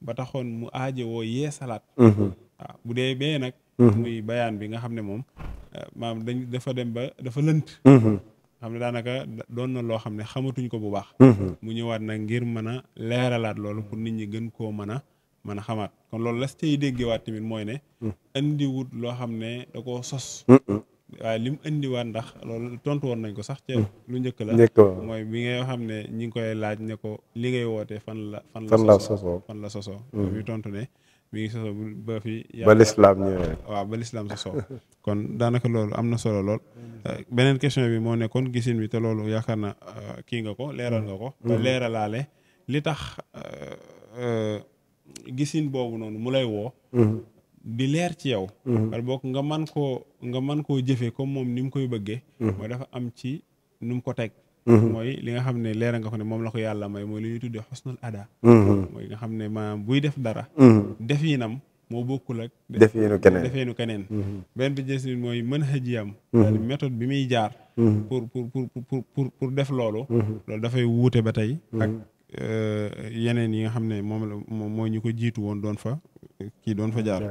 ba taxoon mu aaje woo yee salaat waaw ah, bu dee bee nag muy bayaan bi nga xam ne moom maam dañ dafa dem ba dafa lënt xam ne daanaka doon na loo xam ne xamatuñ ko bu baax mu ñëwaat nag ngir mën a leeralaat loolu pour nit ñi gën koo mën a mën a xamaat kon loolu las cay déggewaat tamit mooy ne indi mm. loo xam ne da sos waaye li indiwaat ndax loolu tontu woon nañ ko sax ca mm. lu njëkk la mooy bi nga xam ne ñi ngi koy laaj ne ko li ngay woote fan la fan la sosoo fan la sosoo mm. bi tontu ne mi ngi sosoo ba fi ba lislaam ñëwee waaw ba lislaam sosoo kon daanaka loolu am na solo lool euh, beneen question bi moo ne kon gisin bi te loolu yaakaar na euh, kii nga ko leeral nga ko leeralaale li tax euh, gisin boobu noonu mu lay woo mhm. di leer ci yow mhm. wala boog nga man koo nga man koo jëfee comme moom ni mu koy bëggee mhm. mooy dafa am ci nu mu ko teg mooy li nga xam ne leera nga ko ne moom la ko yàlla may mooy li ñuy tuddee xusnul ada mooy nga xam ne maanaam buy def dara def yi moo bokkul ak defeenu keneen defeenu keneen benn bi jës mooy mën xëjiyam méthode bi muy jaar pour pour pour pour pour def loolu loolu dafay wuute ba tey Euh, yeneen yi nga xam ne moom la moom moo ñu ko jiitu woon doon fa kii doon fa jaar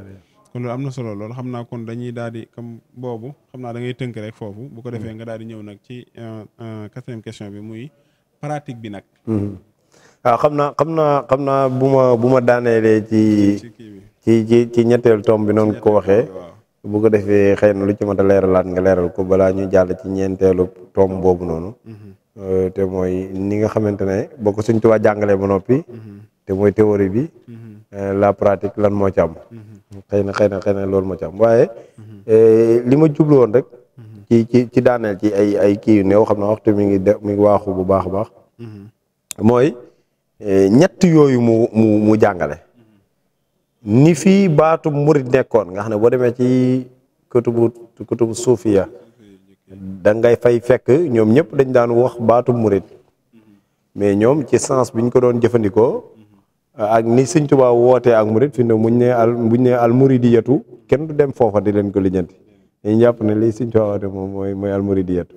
kon loolu am na solo lool xam naa kon dañuy daal di kam boobu xam naa da tënk rek foofu bu ko defee mm-hmm. nga daal di ñëw nag ci euh, euh, quatrième bi muy pratique bi nag waaw mm-hmm. ah, xam naa xam naa xam naa bu ma bu ma daaneelee ci ci ci ci ñetteel tom bi noonu ko waxee bu ko defee xëy na lu ci mat a leeralaat nga leeral ko balaa ñu jàll ci ñeenteelu tom boobu noonu mm-hmm. Euh, te mooy ni nga xamante ne boo ko Sëñ Tuubaa jàngalee ba noppi. Mm-hmm. te mooy théorie bi. Mm-hmm. Euh, la pratique lan moo ci am. Mm-hmm. xëy na xëy na xëy na loolu moo ci am waaye. Euh, li ma jublu woon rek. ci ci ci daaneel ci ay ay kii yu néew xam na waxtu mi ngi de mi ngi waaxu bu baax a baax. mooy ñett yooyu mu mu mu jàngale. ni fii baatu murit nekkoon nga xam ne boo demee ci kutubu kutubu suufiya da ngay fay fekk ñoom ñëpp dañ daan wax baatu murit mais ñoom ci sens bi ñu ko doon jëfandikoo ak ni sëñ Tuubaa wootee ak murit fi ne muñ ne al buñ ne al muridiyatu kenn du dem foofa di leen ko lijjanti dañu jàpp ne lii sëñ Tuubaa woote moom mooy mooy al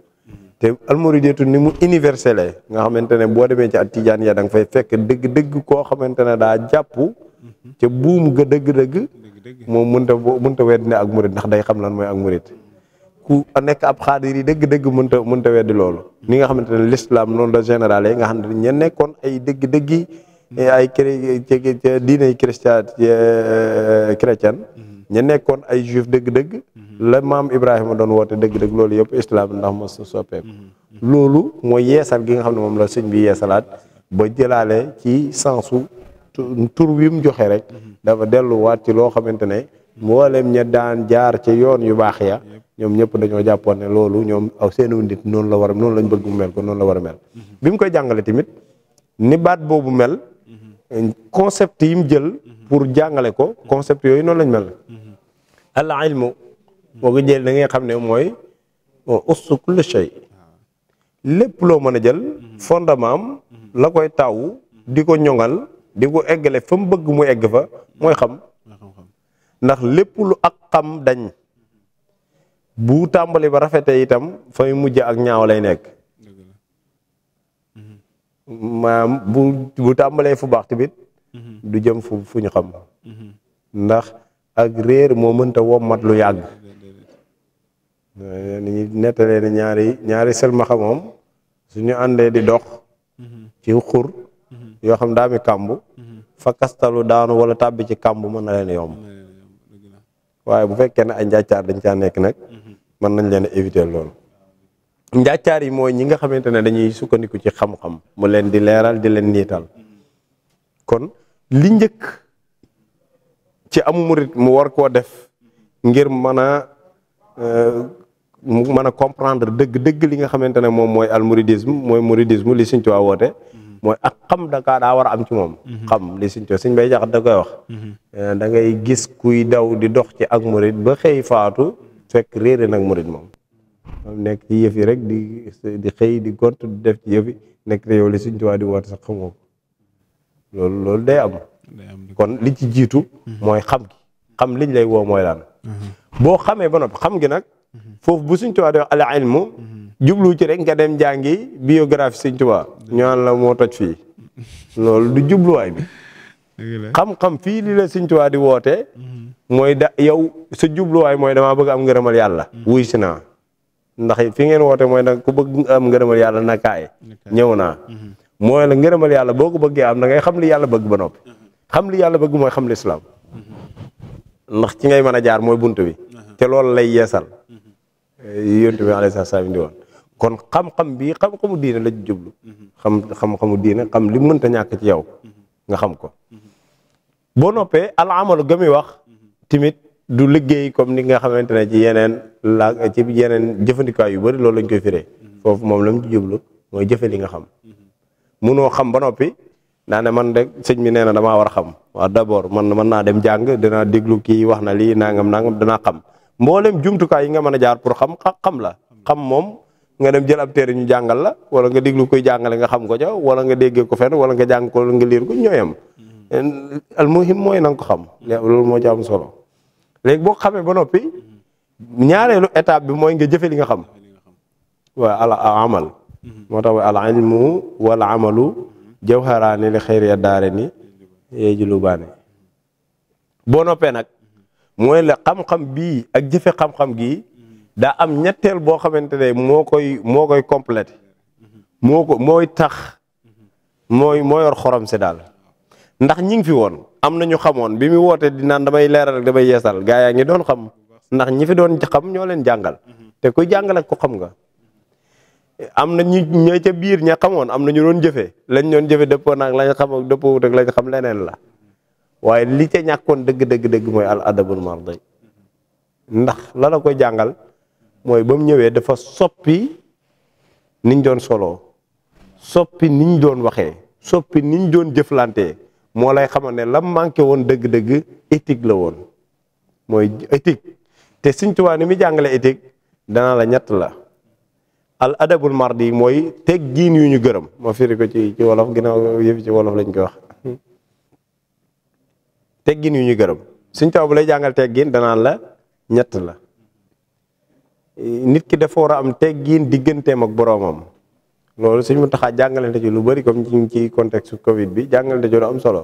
te al muridiyatu ni mu universelle nga xamante ne boo demee ci at tijaan ya da nga fay fekk dëgg-dëgg koo xamante ne daa jàpp ca buum ga dëgg-dëgg moom mënta mënta wedd ne ak murit ndax day xam lan mooy ak murit ku nekk ab xaadir yi dëgg-dëgg mënta mënta weddi loolu ni nga xamante ne l'islam noonu la général nga xam ne ñen nekkoon ay dëgg-dëggi ay diiney christian euh, chrétien mhm. ña nekkoon ay juif dëgg-dëgg mhm. la maam Ibrahima doon woote dëgg-dëgg loolu yëpp islam ndax mos a soppeeku mhm. loolu mooy yeesal gi nga xam ne moom la sëñ bi yeesalaat ba jëlaale ci sensu tur wi mu joxe rek dafa delluwaat ci loo xamante ne mboolem ña daan jaar ca yoon yu baax ya ñoom ñëpp dañoo jàppoon ne loolu ñoom aw seeni seenu nit noonu la war a noonu lañ bëgg mu mel ko noonu la war a mel mm-hmm. bi mu koy jàngale tamit ni baat boobu mel mm-hmm. concept yi mu jël mm-hmm. pour jàngale ko concept yooyu noonu lañ mel al ilmu boo ko jël da xam ne mooy ussu ah. lépp loo mën a jël fondement am la koy taw di ko ñoŋal di ko eggale fa mu bëgg mu egg fa mooy xam ndax lépp lu ak xam dañ bu tàmbali ba rafetee itam fay mujj ak ñaaw lay nekk maanaam bu bu fu baax tamit du jëm fu fu xam ndax ak réer moo mënta mat lu yàgg ni ñu nettalee ñaari ñaari selmaxa moom suñu àndee di dox ci xur yoo xam daami kàmb fa kastalu daanu wala tàbbi ci kàmb na leen yomb waaye bu fekkee ne ay njaacaar dañ caa nekk nag mën nañ leen a éviter loolu njaacaar yi mooy ñi nga xamante ne dañuy sukkandiku ci xam-xam mu leen di leeral di leen niital kon li njëkk ci am murit mu war koo def ngir mën a mu euh, mën a comprendre dëgg dëgg li nga xamante ne moom mooy almuridisme mooy muridisme li Sëñ Tuubaa woote mooy ak xam da kaa war am ci moom mhm. xam li suñ to suñ bay jax da koy wax mhm. eh, da ngay gis kuy daw di dox ci ak murit ba xëy faatu fekk réere nag murit moom nekk ci yëf yi rek di di xëy di gont di def ci yëf nekk te yow li suñ tuwaa di woote sax xamoo loolu loolu day am kon li ci jiitu mhm. mooy xam gi xam liñ lay woo mooy laan boo xamee ba noppi xam gi nag foofu bu suñ tuwaa di wax al ilmu jublu ci rek nga dem jàngi biographie Sëñ Tuubaa la moo toj fii du jubluwaay bi xam-xam fii li la Sëñ Tuubaa di woote mooy da yow sa jubluwaay mooy damaa bëgg am ngërëmal yàlla wuy si naa ndax fi ngeen woote mooy nag ku bëgg am ngërëmal yàlla nakaay ñëw naa mooy la ngërëmal yàlla boo ko bëggee am da ngay xam li yàlla bëgg ba noppi xam li yàlla bëgg mooy xam lislaam ndax ci ngay mën a jaar mooy bunt bi te loolu lay yeesal yontu bi alayhi salaam di woon kon xam-xam bii xam-xamu diine la ci jublu xam xam-xamu diine xam li mënta ñàkk ci yow nga xam ko boo noppee al amalu ga muy wax tamit du liggéey comme ni nga xamante ne ci yeneen la yeneen jëfandikaay yu bari loolu lañ koy firee foofu moom la mu ci jublu mooy jëfe li nga xam munoo xam ba noppi naa ne man de sëñ mi nee na damaa war a xam waa d'abord man mën naa dem jàng dinaa déglu kii wax na lii nangam nangam danaa xam mboolem jumtukaay yi nga mën a jaar pour xam xam la xam moom nga dem jël ab téere ñu jàngal la wala nga déglu koy jàngale nga xam ko ca wala nga déggee ko fenn wala nga jàng ko nga liir ko ñooyam al muhim mooy na ko xam loolu moo ci am solo léegi boo xamee ba noppi ñaareelu étape bi mooy nga jëfe li nga xam waa al amal moo tax wa al ilmu wal amalu jawharaani li xayri ni yejulu baane noppee nag mooy la xam-xam bii ak jëfe xam-xam gii daa am ñetteel boo xamante ne moo koy moo koy complété moo ko mooy tax mooy moo yor xorom si daal ndax ñi ngi fi woon am na ñu xamoon bi mu wootee di naan damay leeral ak damay yeesal gaa yaa ngi doon xam ndax ñi fi doon xam ñoo leen jàngal te kuy jàngal ak ko xam nga am na ñu ñooy ca biir ña xamoon am na ñu doon jëfe lañ doon jëfe dëppoo naag lañ xam ak dëppoo xam leneen la waaye li ca ñàkkoon dëgg dëgg dëgg mooy al adabul mardi ndax la la koy jàngal mooy ba mu ñëwee dafa soppi niñ doon solo soppi niñ doon waxee soppi niñ doon jëflantee moo lay xamoon ne la manqué woon dëgg-dëgg itik la woon mooy éthique te Sëñ Tuubaa ni muy jàngale éthique danaa la ñett la al adabul mardi mooy teg jiin yu ñu gërëm ma firi ci ci wolof ginnaaw yëf ci wolof lañu ko wax teggin yu ñu gërëm Sëñ Tuubaa bu lay jàngal teggin danaan la ñett la nit ki dafa war a am teggiin digganteem ak boroomam loolu sëñ Muntaxa jàngalante ci lu bari comme ci ci contexte Covid bi jàngalante ci lu am solo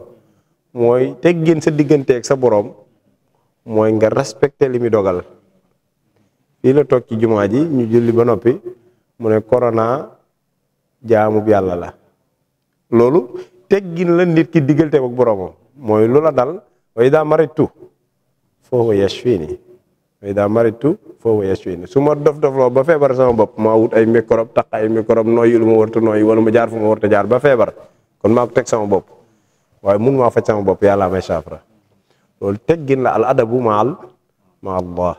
mooy teggiin sa digganteeg sa boroom mooy nga respecté li muy dogal lii la toog ci jumaa ji ñu julli ba noppi mu ne corona jaamub yàlla la loolu teggin la nit ki digganteem ak boroomam mooy lu la dal wa idaa maritu fa huwa yashfiini fa marit maritu foofu yashfini su ma dof dofloo ba feebar sama bopp maa wut ay microbe tax ay microbe nooyi lu ma warta nooyi wala ma jaar fu ma warta jaar ba feebar kon maa teg sama bopp waaye mun maa faj sama bopp yàlla may saafara loolu teggin la al adabu maal ma allah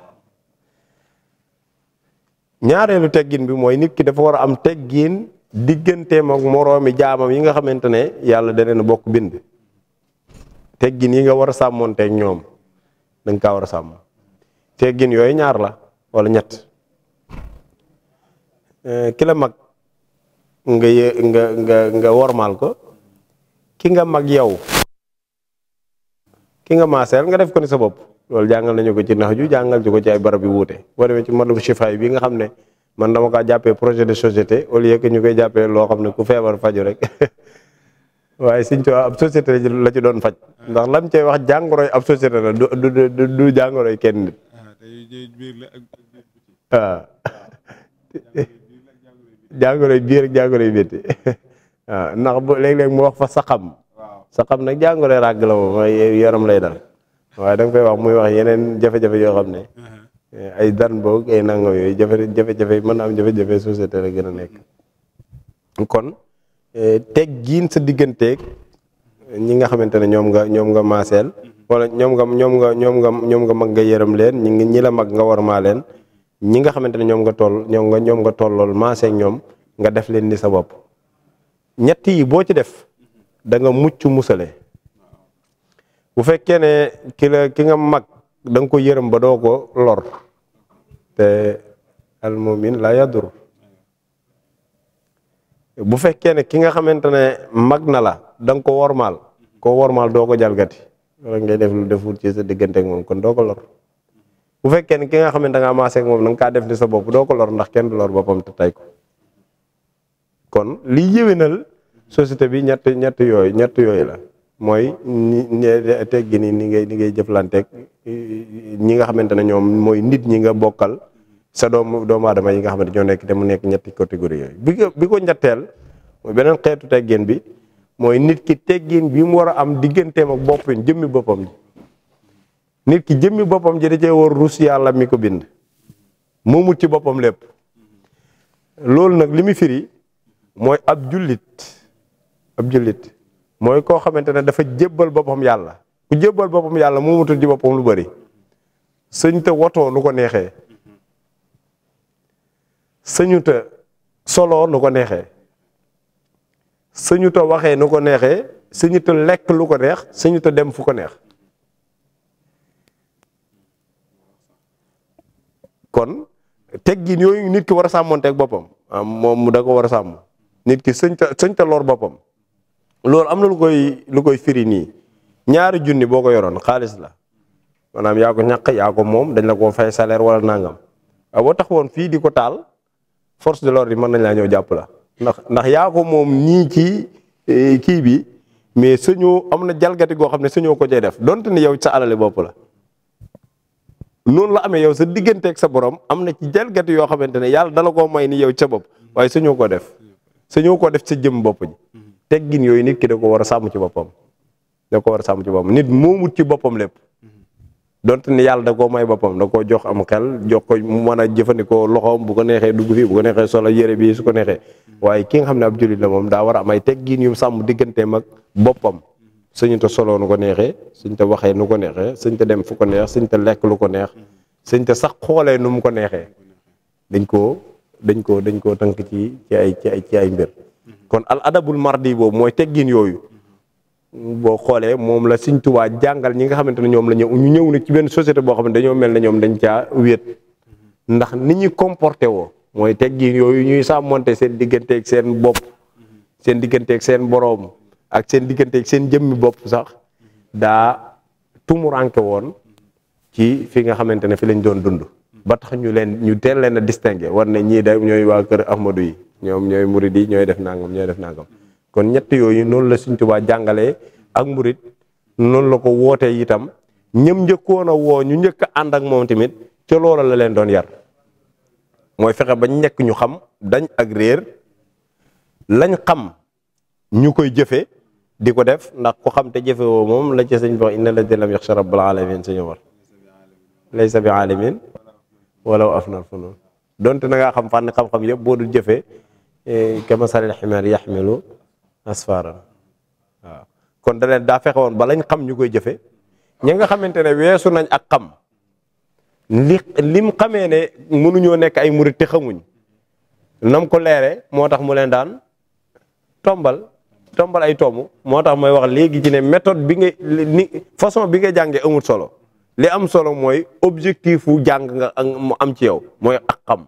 ñaareelu teggin bi mooy nit ki dafa war a am teggin digganteem ak moroomi jaamam yi nga xamante ne yàlla deneen bokk bind teggin yi nga war a sàmmoonteeg ñoom da ka war a sàmm gin yooyu ñaar la wala ñett eh, ki mag nga yë nga nga nga wormaal ko ki nga mag yow ki nga maaseel nga def ko ni sa bopp loolu jàngal nañu ko ci nax ju jàngal ju ko ci ay barab yu wuute boo demee ci matalu chifaay bi nga xam ne man dama kaa jàppee projet de société au lieu que ñu koy jàppee loo xam ne ku feebar faju rek <laughs> waaye siñ Tuubaa ab société la ci doon faj ndax lam cay wax jàngoroy ab société la du du du jàngoroy kenn nit waaw <laughs> jàngoro biir ak jàngoro bitti waaw <laughs> ah, ndax bu léeg mu wax fa saxam saxam nag jàngoro ràgg la moom yaram lay dal waaye da koy wax muy wax yeneen jafe-jafe yoo xam ne uh-huh. ay dan boog ay nangam yooyu jafe-jafe mën na am jafe-jafe société la gën a nekk kon eh, teg giin sa digganteeg ñi nga xamante ne ñoom nga ñoom nga maaseel wala ñoom nga ñoom nga ñoom nga ñoom nga mag nga yërëm leen ñi ngi ñi la mag nga war maa leen ñi nga xamante ne ñoom nga toll ñoom nga ñoom nga tollool maasee ñoom nga def leen ni sa bopp ñett yi boo ci def danga nga mucc musale bu fekkee ne ki la ki nga mag da nga ko yërëm ba doo ko lor te almumin la yadur bu fekkee ne ki nga xamante ne mag na la dang ko wormaal ko wormaal doo ko jalgati wala ngay def lu def deful ci sa diggante moom kon doo ko lor bu fekkee ni ki nga xam nga da ngaa moom da nga kaa def ni sa bopp doo ko lor ndax kenn du lor boppam te tay ko kon li yéwénal société bi ñett ñett yooyu ñett yooyu la mooy ñi teggi ni ni ngay ni ngay jëflanteeg ñi nga xamante ne ñoom mooy nit ñi nga bokkal sa doomu doomu aadama yi nga xamante ñoo nekk te mu nekk ñetti catégorie yooyu bi ko bi ko beneen xeetu teggin bi mooy nit ki teggin bi mu war a am digganteem ak boppin jëmmi boppam ji nit ki jëmmi boppam ji da cee war rus yàlla mi ko bind moomut ci boppam lépp loolu nag li mu firi mooy ab jullit ab jullit mooy koo xamante ne dafa jébbal boppam yàlla ku jébbal boppam yàlla moomutul ci boppam lu bari sëñ te wotoo nu ko neexee sëñu te soloo nu ko neexee suñu ta waxee nu ko neexee suñu ta lekk lu ko neex suñu dem fu ko neex kon teggin yooyu nit ki war a sàmmonteeg boppam ah, moom da ko war a sàmm nit ki suñ ta suñ ta boppam loolu am na lu koy lu koy firi nii ñaari junni boo ko yoroon xaalis la maanaam yaa ko ñaq yaa ko moom dañ la ko fay salaire wala nangam ah, boo tax woon fii di ko taal force de l'ordre yi mën nañ laa ñëw jàpp la ndax ndax yaa ko moom nii ci eh, kii bi mais sañoo am na jalgati goo xam ne sañoo ko cee def donte ne yow sa alale bopp la noonu la amee yow sa digganteeg sa borom am na ci jalgati yoo xamante ne yàlla dala koo may ni yow sa bopp waaye sañoo ko def sañoo ko def sa jëm bopp ji teggin yooyu nit ki da ko war a sàmm ci boppam da ko war a sàmm ci boppam nit moomut ci boppam lépp donte ni yàlla da koo may boppam da koo jox am xel jox ko mu mën a jëfandikoo loxoom bu ko neexee dugg fii bu ko neexee solo yére bi su ko neexee waaye ki nga xam ne ab jullit la moom daa war amay am ay teggin yu sàmm diggante mag boppam suñu solo soloo nu ko neexee suñ te waxee nu ko neexee suñ te dem fu ko neex suñ te lekk lu ko neex suñ te sax xoolee nu mu ko neexee dañ koo dañ ko dañ koo tënk ci ay ci ay ci ay mbir kon al adabul mardi boobu mooy teggin yooyu boo xoolee moom la Sëriñ Tuubaa jàngal ñi nga xamante ne ñoom la ñëw ñu ñëw nag ci benn société boo xam ne dañoo mel ne ñoom dañ caa wéet ndax ni ñuy comporté woo mooy teggin yooyu ñuy sàmmonte seen digganteeg seen bopp seen digganteeg seen boroom ak seen digganteeg seen jëmmi bopp sax daa tumuranke woon ci fi nga xamante ne fi lañ doon dund ba tax ñu leen ñu teel leen a distingué war na ñii da ñooy waa kër Ahmadou yi ñoom ñooy murid yi ñooy def nangam ñooy def nangam kon ñett yooyu noonu la Sëriñ Tuubaa jàngale ak mburit noonu la ko wootee itam ñëm njëkkoon woo ñu njëkk a ànd ak moom tamit ca loola la leen doon yar mooy fexe ba ñekk ñu xam dañ ak réer lañ xam ñu koy jëfe di ko def ndax ko xam te jëfe woo moom la ci sëñ bo inna ladina lam yaxsha rabbal alamin suñu war laysa bi alamin walaw afnal funun donte na ngaa xam fànn xam-xam yëpp boo dul jëfe eh, kama salil ximaar yaxmilu asfaran waaw kon da daa fexewoon woon ba lañ xam ñu koy jëfe ñi nga xamante ne weesu nañ ak xam li lim xamee ne mënuñoo nekk ay murit te xamuñ nam ko leere moo tax mu leen daan tombal tombal ay tomb moo tax mooy wax léegi ci ne méthode bi nga ni façon bi nga jàngee amul solo li am solo mooy objectif wu jàng nga mu am ci yow mooy ak xam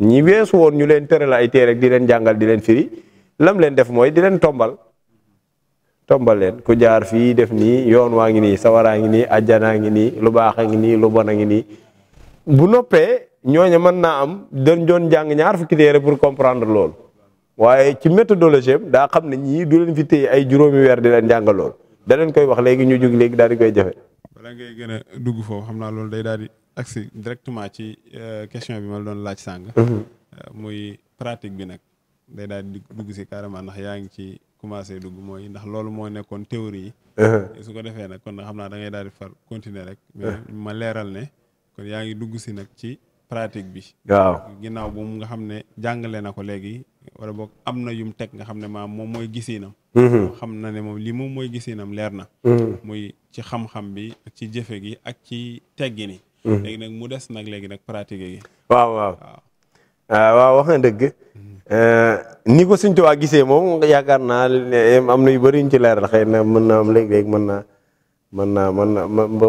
ñi weesu woon ñu leen tere la ay téere rek di leen jàngal di leen firi lam leen def mooy di leen tombal tombal leen ku jaar fii def nii yoon waa ngi nii sawaraa ngi nii ajjanaa ngi nii lu baax a ngi nii lu bon a ngi nii bu noppee ñooñu mën naa am dañ doon jàng ñaar fukki téere pour comprendre loolu waaye ci méthodologie am daa xam ne ñii du leen fi téye ay juróomi weer di leen jàngal lool da leen koy wax léegi ñu jóg léegi daal di koy jafe. bala ngay gën a dugg foofu xam naa loolu day daal agsi directement ci euh, question bi ma la doon laaj sàng mhm. euh, muy pratique bi nag day daal di dugg si carrément ndax yaa ngi ci commencé dugg mooy ndax loolu moo nekkoon théorie yi mhm. su ko defee nag kon na xam naa da ngay daal di far continuer rek mhm. ma leeral ne kon yaa ngi dugg si nag ci pratique bi waaw ginnaaw bu nga xam ne jàngale na ko léegi wala boog am na yum teg nga xam ne maam moom mooy gisiinam xam na ne moom lii moom mooy gisiinam leer na muy ci xam-xam bi ci jëfe gi ak ci teggi ni Mhm. léegi nag mu des nag léegi nag pratiquer gi. waaw waaw waaw ah, wax na dëgg. Eh, ni ko Sëñ Tuubaa gisee moom yaakaar naa am na yu bëri ñu ci leeral xëy na mën naa am léeg-léeg mën naa mën naa mën naa bu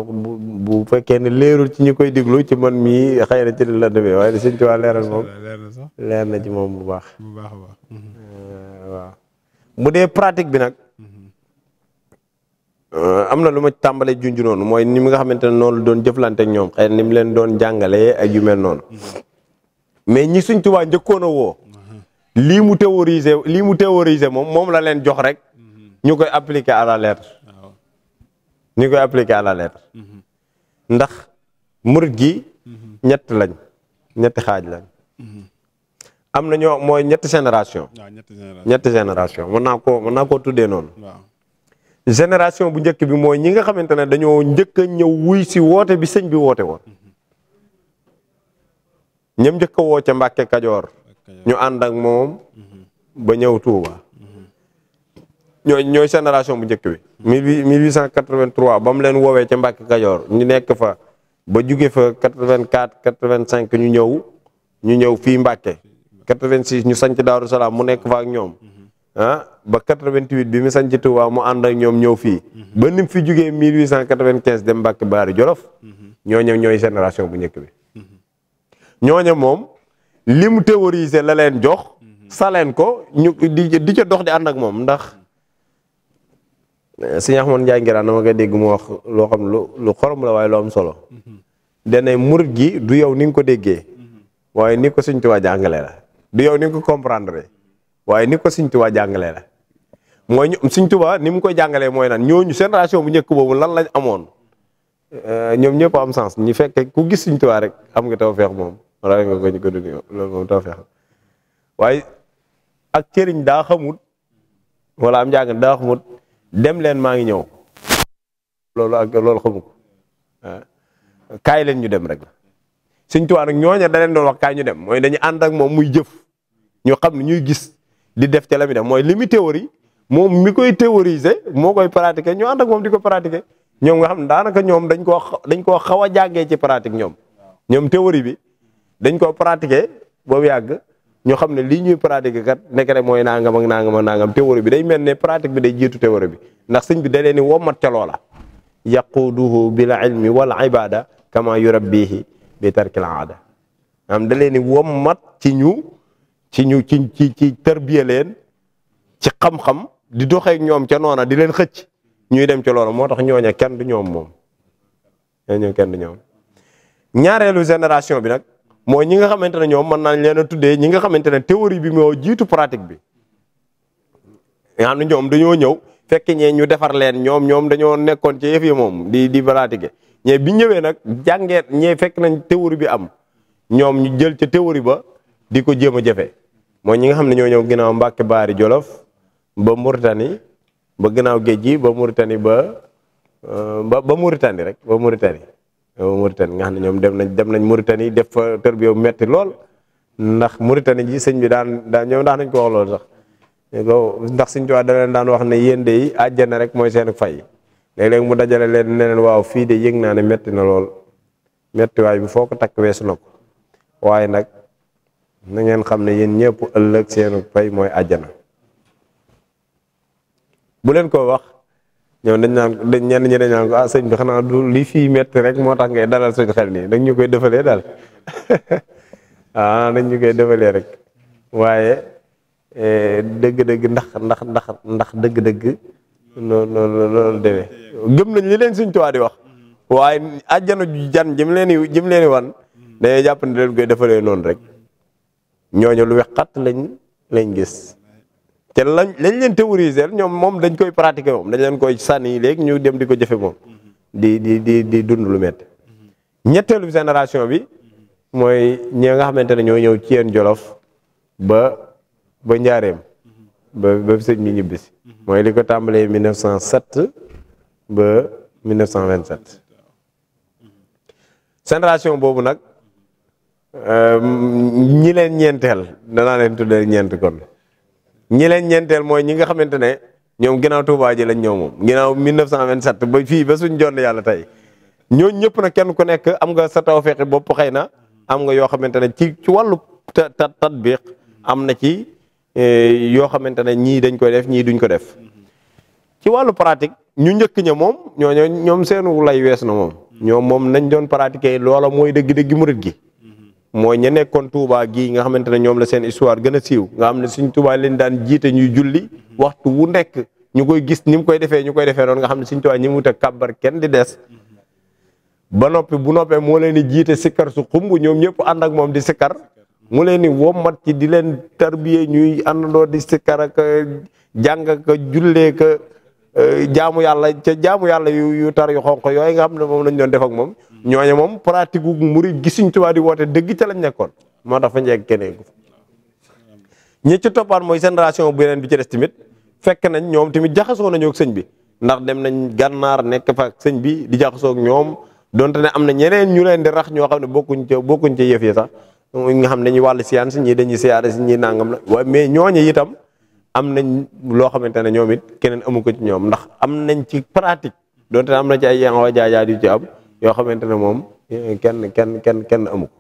bu fekkee ne leerul ci ñi koy déglu ci man mii xëy na ci la la demee waaye Sëñ Tuubaa leeral moom leer na ci moom bu baax. bu baax eh, waaw. bu dee pratique bi nag. Euh, am na lu ma tàmbalee junj noonu mooy ni nga xamante ne noonu doon jëflante ak ñoom xëy ni mu leen doon jàngalee ak yu mel noonu mais ñi suñ tubaa njëkkoon a woo lii mu théorisé lii mu théorisé moom moom la leen jox rek ñu koy appliquer à la lettre ñu koy appliquer à la lettre ndax murit gi ñett lañ ñetti xaaj lañ am na ñoo mooy ñetti génération ñetti génération mën naa koo mën naa koo tuddee noonu génération bu njëkk bi mooy ñi nga xamante ne dañoo njëkk a ñëw wuy si woote bi sëñ bi woote woon ñam njëkk a woo ca Mbàkke Kajoor ñu ànd ak moom ba ñëw tuuba ñooy ñooy génération bu njëkk bi mille huit cent quatre vingt ba mu leen woowee ca Mbàkke Kajoor ñu nekk fa ba jóge fa quatre-vingt-quatre quatre-vingt-cinq ñu ñëw ñu ñëw fii Mbàkke quatre-vingt-six ñu sanc Daaru mu nekk fa ak ñoom ah ba 88 bi mu sanc Tuubaa mu ànd ak ñoom ñëw fii ba nim fi jugee 1895 dem Mbàkke Baari Jolof ñooñu ñooy génération bu njëkk bi ñooñu moom li mu théorisé la jox saleen ko ñu di di ca dox di ànd ak moom ndax eh, sëñ Axmad Njaay Ngiraan dama nga dégg mu wax loo xam lu lu xorom la waaye lu am solo dane murit gi du yow ni nga ko déggee waaye ni ko Sëñ Tuubaa jàngale la du yow ni nga ko comprendre waaye ni ko Sëñ Tuubaa jàngalee la mooy Sëñ Tuubaa ni mu koy jàngalee mooy naan ñooñu génération bu njëkk boobu lan lañ amoon euh, ñoom ñëpp am sens ñu fekk ku gis Sëñ Tuubaa rek am nga feex moom raa nga ko ñu ko dund loolu moom tawfeex waaye ak cëriñ daa xamut wala am njàng daa xamut dem leen maa ngi ñëw loolu ak loolu xamu leen ñu dem rek la Sëñ Tuubaa nag ñooña da leen wax kaay ñu dem mooy dañu ànd ak moom muy jëf ñu xam ne ñuy gis di def ca la mi mooy li mu théorie moom mi koy théoriser moo koy pratiquer ñoo ànd ak moom di ko pratiquer ñoom nga xam ne daanaka ñoom dañ koo dañ koo xaw a jàngee ci pratique ñoom ñoom théorie bi dañ koo pratiquer boobu yàgg ñu xam ne lii ñuy pratiquer kat nekk rek mooy nangam ak nangam ak nangam théorie bi day mel ne pratique bi day jiitu théorie bi ndax sëñ bi da leen ni womat ca loola yaquduhu bil ilmi wal ibada kama yurabbihi bi tarkil aada am da leen ni womat ci ñu ci ñu ci ci ci tërbiye leen ci xam-xam di doxeek ñoom ca noona di leen xëcc ñuy dem ci loolu moo tax ñooña kenn du ñoom moom ñooñu kenn du ñoom ñaareelu génération bi nag mooy ñi nga xamante ne ñoom mën nañ leen a tuddee ñi nga xamante ne théorie bi moo jiitu pratique bi nga xam ne ñoom dañoo ñëw fekk ñee ñu defar leen ñoom ñoom dañoo nekkoon ci yëf yi moom di di pratiquer ñee bi ñëwee nag jàngee ñee fekk nañ théorie bi am ñoom ñu jël ca théorie ba di ko jéem a jafe mooy ñi nga xam ne ñoo ñëw ginnaaw Mbàkke Baari Jolof ba Mauritanie ba ginnaaw géej gi ba Mauritanie ba euh, ba ba Mauritanie rek ba Mauritanie ba xam ne ñoom dem nañ dem nañ Mauritanie def fa tër bi yow metti lool ndax Mauritanie ji sëñ bi daan daan ñoom daan nañ ko wax loolu sax ndax sëñ Tuubaa da leen daan wax ne yéen de yi rek mooy seen fay léeg-léeg mu dajale leen ne waaw fii de yëg naa ne metti na lool metti waay bi foo ko takk weesu na ko waaye nag na ngeen xam ne yéen ñëpp ëllëg seenu pay mooy àjjana bu leen ko wax ñoom dañ naan dañ ñenn ñi dañ naan ko ah sëñ bi xanaa du li fii metti rek moo tax ngay dalal suñ xel nii dañ ñu koy defalee daal <laughs> ah dañ ñu rek waaye eh, dëgg-dëgg ndax ndax ndax ndax dëgg-dëgg loolu loolu loolu demee gëm nañ li leen suñ towaat di wax waaye àjjana ju jan jëm leen jëm leen wan dañuy jàpp ne leen koy defalee noonu rek ñooñu lu wexxat lañ lañ gis te lañ lañ leen théoriser ñoom moom dañ koy pratiquer moom dañ leen koy sànni yi léegi ñu dem di ko jëfe moom mm-hmm. di di di di dund lu métti mm-hmm. ñetteelu génération bi mm-hmm. mooy ñi nga xamante ne ñoo ñëw ci yeen jolof ba ba njaareem ba ba ñu bi mooy li ko tàmbalee 1907 ba 1927 génération boobu nag Euh, ñi leen ñeenteel danaa leen tuddee ñeent kon ñi leen ñeenteel mooy ñi nga xamante ne ñoom ginnaaw Touba ji lañ ñëw moom ginnaaw 1927 ba fii ba suñ joon yàlla tey ñoo ñëpp nag kenn ku nekk am nga sa taw fexe bopp xëy na am nga yoo xamante ne ci ci wàllu ta tatbiq am na ci eh, yoo xamante ne ñii dañ koy def ñii duñ ko def ci wàllu pratique ñu njëkk ña moom ñooñu ñoom seenu lay wees na moom ñoom moom nañ doon pratiquer loola mooy dëgg-dëgg murit gi mooy ña nekkoon Touba gii nga xamante ne ñoom la seen histoire gën a siiw nga xam ne suñ Touba leen daan jiite ñuy julli waxtu wu nekk ñu koy gis ni mu koy defee ñu koy defee noonu nga xam ne suñ Touba ñi mu te kàbbar kenn di des ba noppi bu noppee moo leen di jiite sikkar su xumb ñoom ñëpp ànd ak moom di sikkar mu leen di mat ci di leen tarbiyee ñuy àndandoo di sikkar ak eh, jàng ak jullee Euh, jaamu yàlla ca jaamu yàlla yu tar yu xonq yooyu nga xam ne moom lañ doon def ak moom ñooñu moom pratique gu murid gi Sëriñ Tuubaa di woote dëgg ca lañ nekkoon moo tax fa njëkk keneen ñi ci toppaat mooy génération bu yeneen bi ci des tamit fekk nañ ñoom tamit jaxasoo nañoo sëñ bi ndax dem nañ gànnaar nekk fa ak sëñ bi di jaxasoo ak ñoom donte ne am na ñeneen ñu leen di rax ñoo xam ne bokkuñ ca bokkuñ ca yëf yi sax nga xam ne ñu wàll siyaan si ñii dañu siyaare si ñii nangam la waaye mais ñooñu itam am na loo xamante ne ñoom it keneen amu ko ci ñoom ndax am nañ ci pratique donte am na ci ay yangoo jaajaat yu ci am yoo xamante ne moom eh, kenn kenn kenn kenn amu ko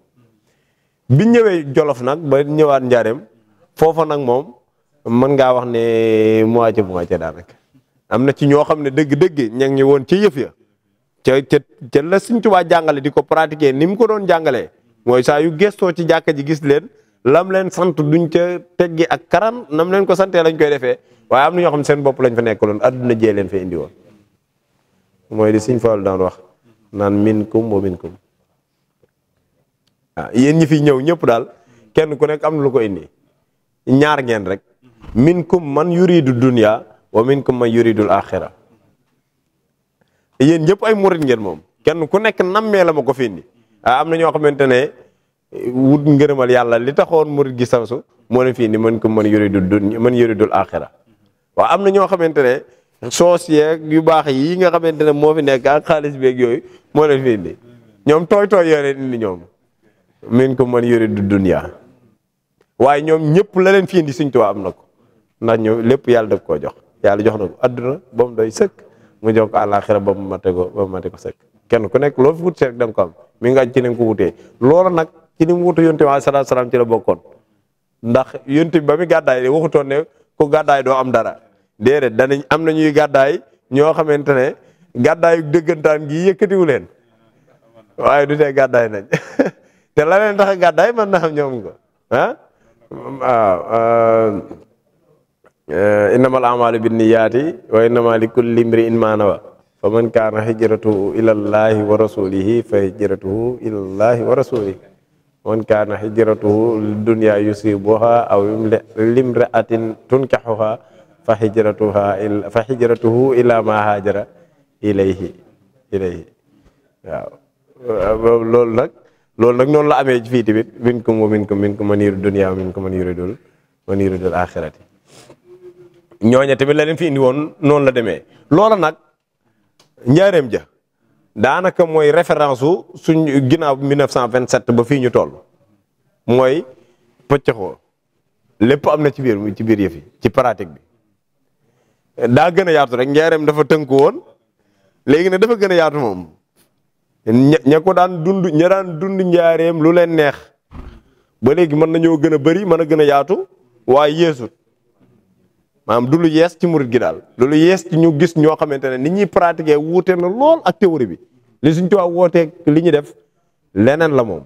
bi ñëwee jolof nag ba ñëwaat njaareem foofa nag moom mën ngaa wax ne moitié moitié rek am na ci ñoo xam ne dëgg-dëgg ña ngi woon ci yëf ya ca ca ca la Sëñ waa jàngale di ko pratiquer ni mu ko doon jàngalee mooy saa yu gestoo ci jàkka ji gis leen lam leen sant duñ ca teggi ak karan nam leen ko santee lañ koy defee waaye am na ñoo xam seen bopp lañ fa nekkaloon adduna jee leen fa indi woon mooy li Sëñ Fallu daan wax naan minkum wa minkum waaw ah, yéen ñi fi ñëw ñëpp daal kenn ku nekk am lu ko indi ñaar ngeen rek minkum man yuridu dunya wa minkum man yuridul axira yéen ñëpp ay murit ngeen moom kenn ku nekk nammee la ma ko fi indi ah, am na ñoo xamante ne wut ngërëmal yàlla li taxoon murit gi sansu moo leen fii ni mën ko mën yuridul dunya mën yuridul axira waaw am na ñoo xamante ne soos yu baax yi nga xamante ne moo fi nekk ak xaalis beeg yooyu moo leen fii indi ñoom tooy tooy yore indi ñoom ko mën yuridul dunya waaye ñoom ñëpp la leen fii indi Sëñ Tuubaa am na ko ndax ñoom lépp yàlla daf koo jox yàlla jox na ko adduna ba mu doy sëkk mu jox ko àllaaxira ba mu mate ko ba mu sëkk kenn ku nekk loo fi wut seet da nga ko am mi nga ci ne ko wutee loolu nag ci ni mu wutu yonte bi alayhi salaatu salaam ci la bokkoon ndax yonte bi ba mu gàddaay de ne ku gàddaay doo am dara déedéet danañ am na ñuy gàddaay ñoo xamante ne gàddaayu dëggantaan gi yëkkatiwu leen waaye du tee gàddaay nañ <laughs> te la leen tax a gàddaay mën na xam ñoom ko ah euh, a'maalu binniyaati wa innamaa likulli imri'in maa nawaa fa man kaana hijratuhu ilallaahi wa rasulihi fa hijratuhu ilallaahi wa rasulihi man kaana hijratuhu dunya yusibuha aw limraatin tunkahuha fa hijratuha fa hijratuhu ila ma haajara ilayhi ilayhi waaw loolu nag loolu nag noonu la amee fii tamit minkum wa minkum minkum man yuridu dunya wa minkum man yuridul man yuridul axirati ñooña tamit la leen fi indi woon noonu la demee loola nag njaareem ja daanaka mooy référence su suñ ginnaaw 1927 ba fii ñu toll mooy pëccëxoo lépp am na ci biir ci biir yëf ci pratique bi daa gën a yaatu rek njaareem dafa tënku woon léegi ne dafa gën a yaatu moom ña ko daan dund ña dund njaareem lu leen neex ba léegi mën nañoo gën a bëri mën a gën a yaatu waaye yeesut maanaam du lu yees ci murit gi daal lu yees ci ñu gis ñoo xamante ne ni ñuy pratiquer wuutee na lool ak théorie bi li suñ tubaab wootee li ñu def leneen la moom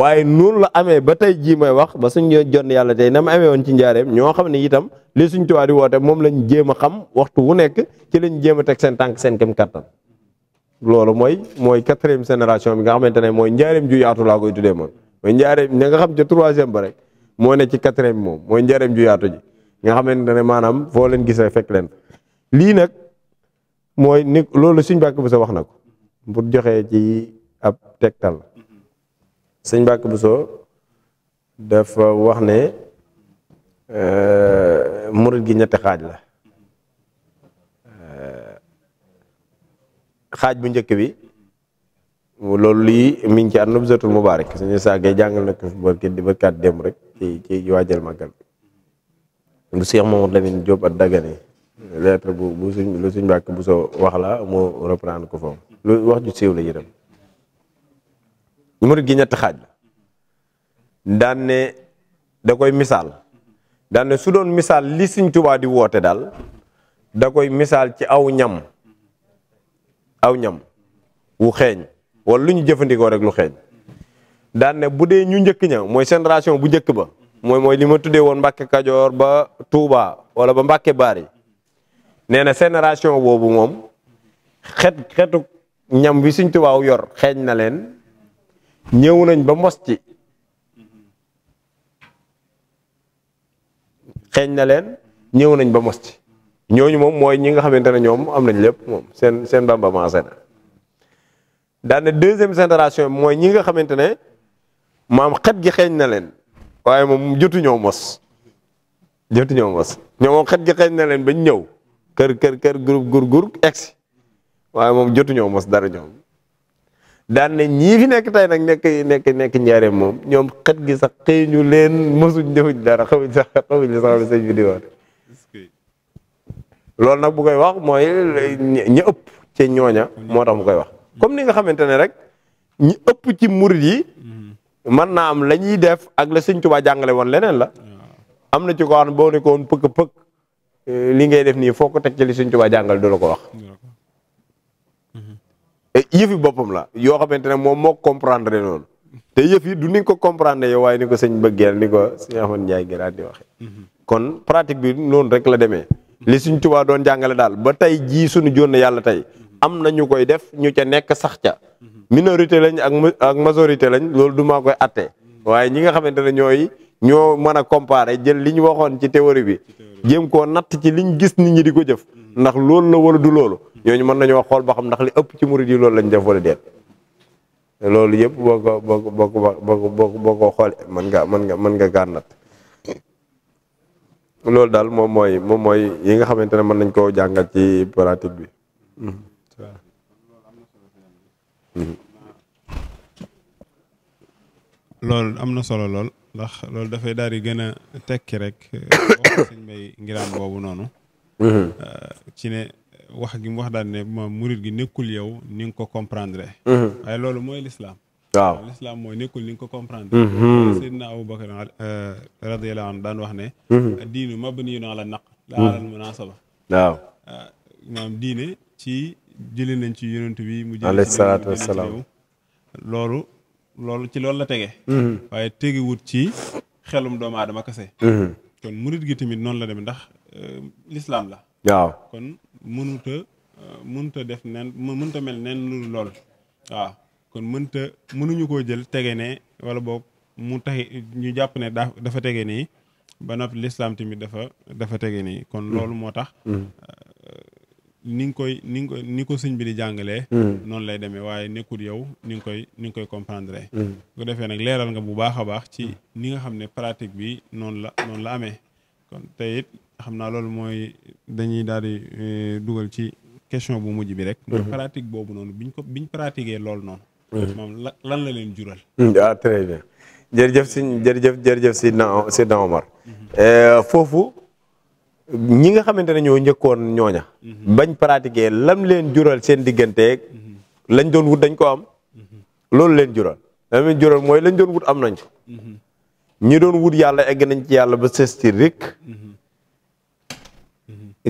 waaye noonu la amee ba tey jii mooy wax ba suñ jonn yàlla tey na ma amee woon ci njaareem ñoo xam ne itam li suñ tubaab di woote moom lañ jéem a xam waxtu wu nekk ci lañ jéem a teg seen tànk seen kem kattan loolu mooy mooy quatrième génération bi nga xamante ne mooy njaareem ju yaatu laa koy tuddee moom mooy njaareem nga xam ca troisième ba rek moo ne ci quatrième moom mooy njaareem ju nga xamante ne maanaam foo leen gisee fekk leen lii nag mooy ni loolu suñ bàkk bu sa wax na ko pour joxee ci ab tegtal suñ bàkk bu soo dafa wax ne euh, murit gi ñetti xaaj la euh, xaaj bu njëkk bi loolu lii mi ngi ci an nubzatul mubaarak suñu saagee jàngal na ko barke di barkaat dem rek ci ci waajal màggal bu Cheikh Mamadou Lamine Diop ak Dagane lettre bu bu suñ lu suñ mbàkk bu soo wax la moo reprendre ko foofu lu wax ju siiw la itam murit gi ñett xaaj la da koy misaal daan su doon misaal li Sëñ Tuubaa di woote daal da koy misaal ci aw ñam aw ñam wu xeeñ wala lu ñu jëfandikoo rek lu xeeñ daane bu dee ñu njëkk ña mooy génération bu njëkk ba mooy mooy li ma tuddee woon Mbacke Kajoor ba Touba wala ba Mbacke baari nee na génération boobu moom xet xetu ñam wi Sëñ Tuubaa yor xeeñ na leen ñëw nañ ba mos ci na leen ñëw nañ ba mos ñooñu moom mooy ñi nga xamante ne ñoom am nañ lépp moom seen seen bamba maase na daane deuxième génération mooy ñi nga xamante ne maam xet gi xeeñ na leen waaye moom jotu mos jotu mos ñoom moom xet gi xëy na leen bañ ñëw kër kër kër groupe gur gur egsi waaye moom jotu mos dara ñoom daan ne ñii fi nekk tey nag nekk nekk nekk njaareem moom ñoom xet gi sax xëy ñu leen mosuñ defuñ dara xawuñ sax xawuñ li sax li sëñ bi di wax loolu nag bu koy wax mooy ñi ëpp ci ñooña moo tax mu koy wax comme ni nga xamante ne rek ñi ëpp ci murit yi man naa am la ñuy def ak la sëñ Tuubaa jàngale woon leneen la am na ci ko xam boo ne ko woon pëkk pëkk eh, li ngay def nii foo ko teg ci li sëñ Tuubaa jàngale du la ko wax mm-hmm. eh, yëfi boppam la yoo xamante ne moom moo comprendre noonu te yëf yi du ni ko comprendre yow waaye ni ko sëñ bëggeel ni ko sëñ Ahmad Njaay di waxee mm-hmm. kon pratique bi noonu rek la demee li sëñ Tuubaa doon jàngale daal ba tey jii suñu jonn yàlla tey am na ñu koy def ñu ca nekk sax ca mm-hmm. minorité lañ ak ak majorité lañ loolu du maa koy atte waaye ñi nga xamante ne ñooy ñoo mën a comparer jël li ñu waxoon ci théorie bi jéem koo nat ci liñ gis ni ñi di ko jëf ndax loolu la wala du loolu ñooñu mën wax xool ba xam ndax li ëpp ci murid di loolu lañ def wala déet loolu yëpp boo ko boo ko boo ko boo ko xoole mën nga mën nga mën loolu daal moom mooy moom mooy yi nga xamante ne mën nañ koo jàngal ci pratique bi Mhm. loolu am na solo lool ndax loolu dafay daal di gën a tekki rek eh, wax sëñ Mbay Ngiraan boobu noonu mhm. eh, ci ne wax gi mu wax daal ne ma murit gi nekkul yow ni nga ko comprendre mhm. waaye loolu mooy lislaam waaw lislaam mooy nekkul ni nga ko comprendre Seydina Abu Bakar eh, radiyallahu anhu daan wax ne diinu mabniyun ala naq la alal munasaba waaw maanaam diine ci jëlee nañ ci yonent bi mu jëlee alayhi salaatu loolu loolu ci loolu la tege mm-hmm. waaye tegewut ci xelum doomu aadama kese mm-hmm. kon murit gi tamit noonu la dem ndax euh, lislaam la waaw kon mënuta euh, mënuta def nen mel nen lool waaw kon mënuta mënuñu koo jël tege ne wala boog mu taxi ñu jàpp ne dafa tege nii ba noppi lislaam tamit dafa dafa tege nii kon mm-hmm. loolu moo tax euh, ni nga koy ni nga koy ni ko sëñ bi di jàngalee. Hmm. noonu lay demee waaye nekkul yow ni nga koy ni nga koy comprendre. bu hmm. defee nag leeral nga bu baax a baax ci hmm. ni nga xam ne pratique bi noonu la noonu amee kon tey it xam naa loolu mooy dañuy daal di eh, dugal ci question bu mujj bi rek. mooy pratique boobu noonu biñ ko biñ pratiquer loolu noonu. moom la lan la leen jural. ah très jërëjëf si jërëjëf jërëjëf si Seydina Omar eh, foofu. ñi nga xamante ne ñoo njëkkoon ñooña. Mhm. bañ pratiquer lam leen jural seen diggante mhm. lañ doon wut dañ ko am. Mhm. loolu leen jural. lam leen jural mooy lañ doon wut am nañ ko. ñi doon wut yàlla egg nañ ci yàlla ba ses sësti rek.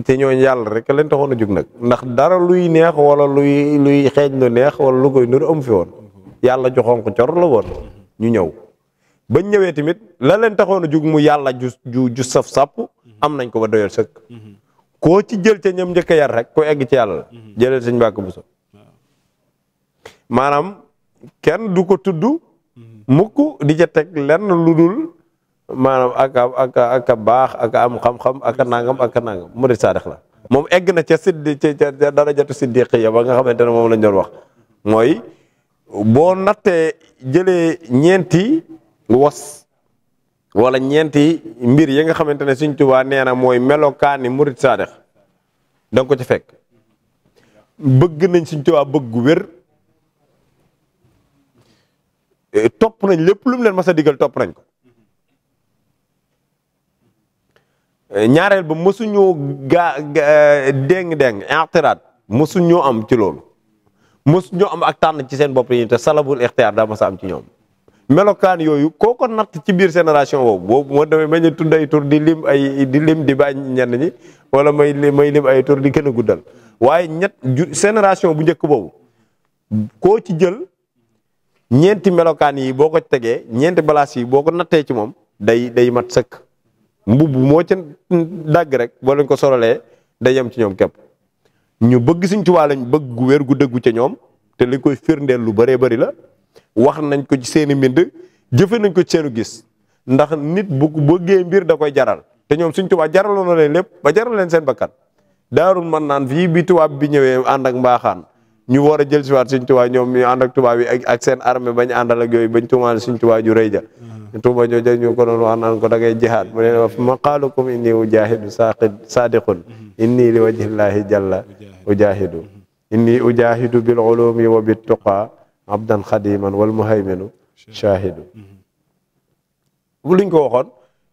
te ñooñu yàlla rek leen taxoon a jóg nag ndax dara luy neex wala luy luy xeeñ lu neex wala lu koy nur am fi woon. yàlla joxoon ko cor la woon ñu ñëw. bañ ñëwee tamit la leen taxoon a jug mu yàlla ju ju ju saf sapp am nañ ko ba doyal sëkk ko ci jël ca ñoom njëkk yar rek ko egg ci yàlla la jëlal sëñ Mbàkke Buso maanaam kenn du ko tudd mukk di ca teg lenn lu dul maanaam ak ak ak baax ak am xam-xam ak a nangam ak a nangam mu di saadix la moom egg na ca siddi ca darajatu siddiqiya ba nga xamante ne moom lañ doon wax mooy boo nattee jëlee ñeenti was wala ñeenti mbir yi nga xamante ne Sëriñ Tuubaa nee na mooy melokaani murit saadix da ko ci fekk bëgg nañ Sëriñ Tuubaa bëgg gu wér topp nañ lépp lum leen mas a digal topp nañ ko ñaareel ba mësuñoo gaa déng-déng intiraat mësuñoo am ci loolu mësuñoo am ak tànn ci seen bopp yi te salabul ixtiyaar daa masa a am ci ñoom melokaan yooyu koo ko natt ci biir génération boobu boobu moo demee mañ a tudd ay di lim ay di lim di bàñ ñenn ñi wala may may lim ay tur di gën a guddal waaye ñett génération bu njëkk boobu koo ci jël ñeenti melokaan yi boo ko tegee ñeenti balaas yi boo ko nattee ci moom day day mat sëkk mbubb moo ci dagg rek boo leen ko sololee day yem ci ñoom képp ñu bëgg Sëñ Tuubaa lañ bëgg gu wér gu dëggu ca ñoom te li koy firndeel lu bëree bari la wax nañ ko ci seen mbind jëfe nañ ko ci gis ndax nit bu bëggee mbir da koy jaral te ñoom suñ tubaab jaraloon na leen lépp ba jaral leen seen bakat daarul man naan fii bi tubaab bi ñëwee ànd ak mbaaxaan ñu war a jël si waat suñ tubaab ñoom ñu ànd ak tubaab yi ak seen armée bañ àndal ak yooyu bañ tumaale suñ tubaab ju rëy ja mm-hmm. tuuba joo ja ñu ko doon wax naan ko da ngay jihaad mu leen wax maqaalukum inni ujaahidu saaqid saadiqun inni li wajhillaahi jalla ujaahidu inni ujaahidu abdan xadiman wal muhayminu shahidu bu luñ ko waxoon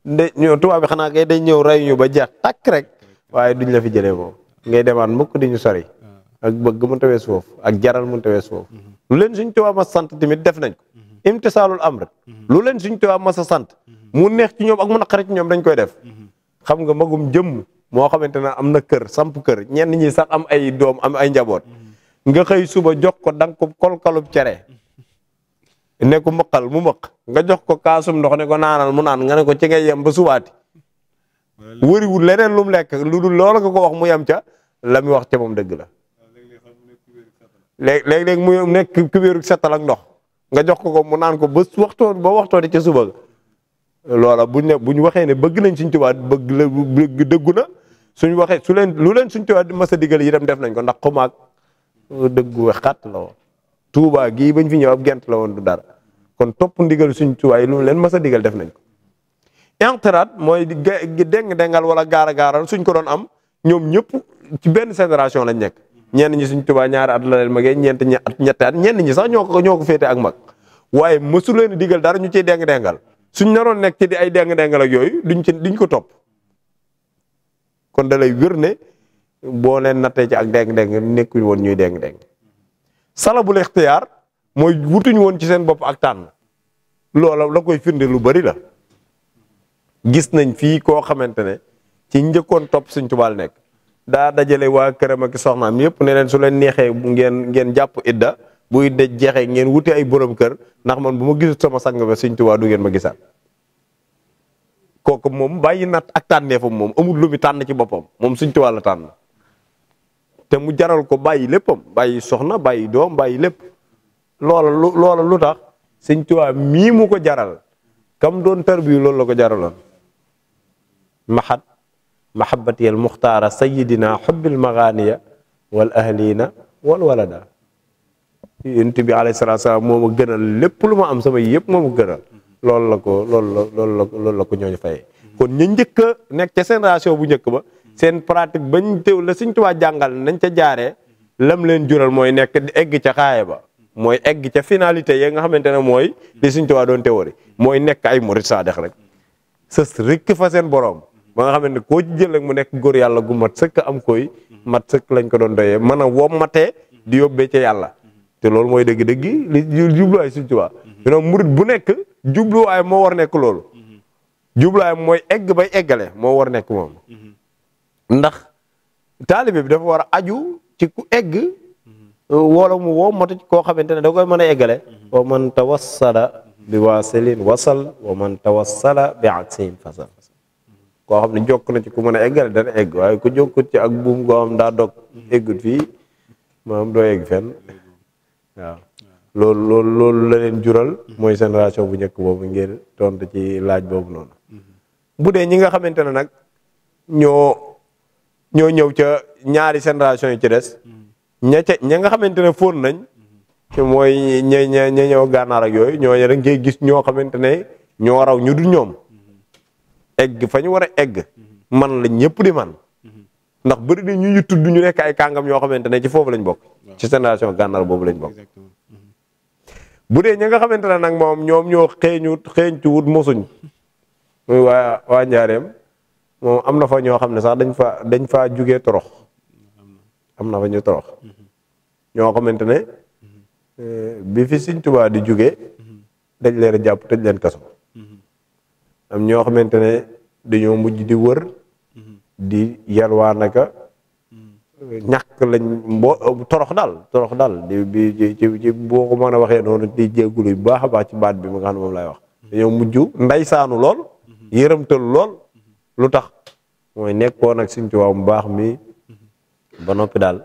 nde ñoo tubaab bi xanaa ngay dañ ñëw rey ba jeex takk rek waaye duñ la fi jëlee moom ngay demaan mukk di ñu sori ah. ak bëgg mënta wees foofu ak jaral mënta wees foofu mm-hmm. lu leen suñ tubaab ma sant tamit def nañ ko mm-hmm. am rek mm-hmm. lu leen suñ tubaab masa sant mu neex ci ñoom ak mu naqari ci ñoom dañ koy def xam nga magum jëm moo xamante ne am na kër samp kër ñenn ñi sax am ay doom am ay njaboot nga xëy suba jox ko danga ko kolkalub cere ne ko mëqal mu mëq nga jox ko kaasum ndox ne ko naanal mu naan nga ne ko ci ngay yem ba subaati wëriwul leneen lu mu lekk lu dul loolu nga ko wax mu yem ca la mu wax ca moom dëgg la léeg léeg-léeg mu nekk kubéeru setal ak ndox nga jox ko ko mu naan ko ba waxtoon ba waxtoon ca suba ga loola buñ ne buñ waxee ne bëgg nañ suñ tubaab bëgg la dëggu na suñ waxee su leen lu leen suñ tubaab mas a digal yi dem def nañ ko ndax ku xumaag dëggu xàtt la woon tuubaa gii bañ fi ñëw ab gent la woon du dara kon topp ndigal suñ tubaay lu leen mas a digal def nañ ko intrat mooy déng dengal wala gaara-gaaral suñ ko doon am ñoom ñëpp ci benn génération lañ nekk ñenn ñi suñ tubaa ñaari at la leen magee ñeent ñi at ñenn ñi sax ñoo ko ñoo ko féete ak mag waaye mësu leen digal dara ñu ciy déng-déngal suñ naroon nekk ci di ay déng-déngal ak yooyu duñ ci duñ ko topp kon da lay ne boo leen nattee ci ak deng-deng nekkuñ woon ñuy deng-deng salabul ixtiyaar mooy wutuñ woon ci seen bopp ak tànn loola la koy firnde lu bari la gis nañ fii koo xamante ne ci njëkkoon topp Sëñ Tuubaa nekk daa dajale waa këram ak soxnaam yëpp ne leen su leen neexee ngeen ngeen jàpp idda bu idda jeexee ngeen wuti ay borom kër ndax man bu ma gisut sama sang ba Sëñ Tuubaa du ngeen ma gisaat kooku moom bàyyi nat ak tànneefam moom amul lu mu tànn ci boppam moom Sëñ Tuubaa la te mu jaral ko bàyyi léppam bàyyi soxna bàyyi doom bàyyi lépp loola lu tax sëñ Tuubaa mii mu ko jaral kam doon tarbiyu loolu la ko jaraloon maxat mahabatiyal muxtaara sayidina xobbil maxaaniya wal ahliina wal walada yonent bi alayhi salaatu salaam moo ma gënal lépp lu ma am sama yëpp moo ma gënal loolu la ko loolu la la ko ñooñu fayee kon ñu njëkk nekk ca génération bu njëkk ba seen pratique bañ teew la Sëñ Tuubaa jàngal nañ ca jaaree lam leen jural mooy nekk di egg ca xaaye ba mooy egg ca finalité ya nga xamante ne mooy li Sëñ waa doon théorie mooy nekk ay murit saadex rek sës rikk fa seen boroom ba nga xamante ne koo jël rek mu nekk góor yàlla gu mat sëkk am koy mat sëkk lañ ko doon doyee mën a wommatee di yóbbee ca yàlla te loolu mooy dëgg-dëgg li jubluwaay Sëñ waa yonon murit bu nekk jubluwaay moo war nekk loolu mooy egg bay eggale moo war nekk moom ndax taalibe bi dafa war a aju ci ku egg uh, woola mu woo matu koo xamante ne da koy mën a eggale mm-hmm. wa man tawassala bi waasilin wasal wa man tawassala bi aksiin fasal mm-hmm. koo xam ne jokk na ci ku mën a eggale dana egg waaye ku jokkut ci ak buum goo xam daa dog mm-hmm. eggut fii maanaam doo egg fenn waaw loolu loolu loolu la leen jural mooy génération bu njëkk boobu ngir tontu ci laaj boobu noonu bu dee ñi nga xamante nag ñoo ñoo ñëw ca ñaari génération yi ci des ña ca ña nga xamante ne fóon nañ mooy ña ña ña ñëw gànnaar ak yooyu ñooñu rek ngay gis ñoo xamante ne ñoo raw ñu dul ñoom egg fa ñu war a egg man la ñëpp di man ndax bëri na ñu ñu tudd ñu nekk ay kàngam yoo xamante ne ci foofu lañ bokk ci génération gànnaar boobu lañ bokk bu dee ña nga xamante ne nag moom ñoom ñoo xeeñu xeeñtu wut mosuñ muy waa waa njaareem moom am na fa ñoo xam ne sax dañ fa dañ faa jugee torox am na fa ñu torox ñoo xamante ne eh, bi fi Sëñ Tuubaa di jugee dañ leen jàpp tëj leen kaso am ñoo xamante ne dañoo mujj di wër di nag a ñàkk lañ mbo torox daal torox daal di bi ci ci boo ko moo a waxee noonu di jéggulu bu baax a baax ci baat bi ma nga xam ne moom laay wax dañoo mujj ndey saanu lool yërëmtal lool lu tax mooy nekkoon ak ci Tuubaa mu baax mi ba noppi daal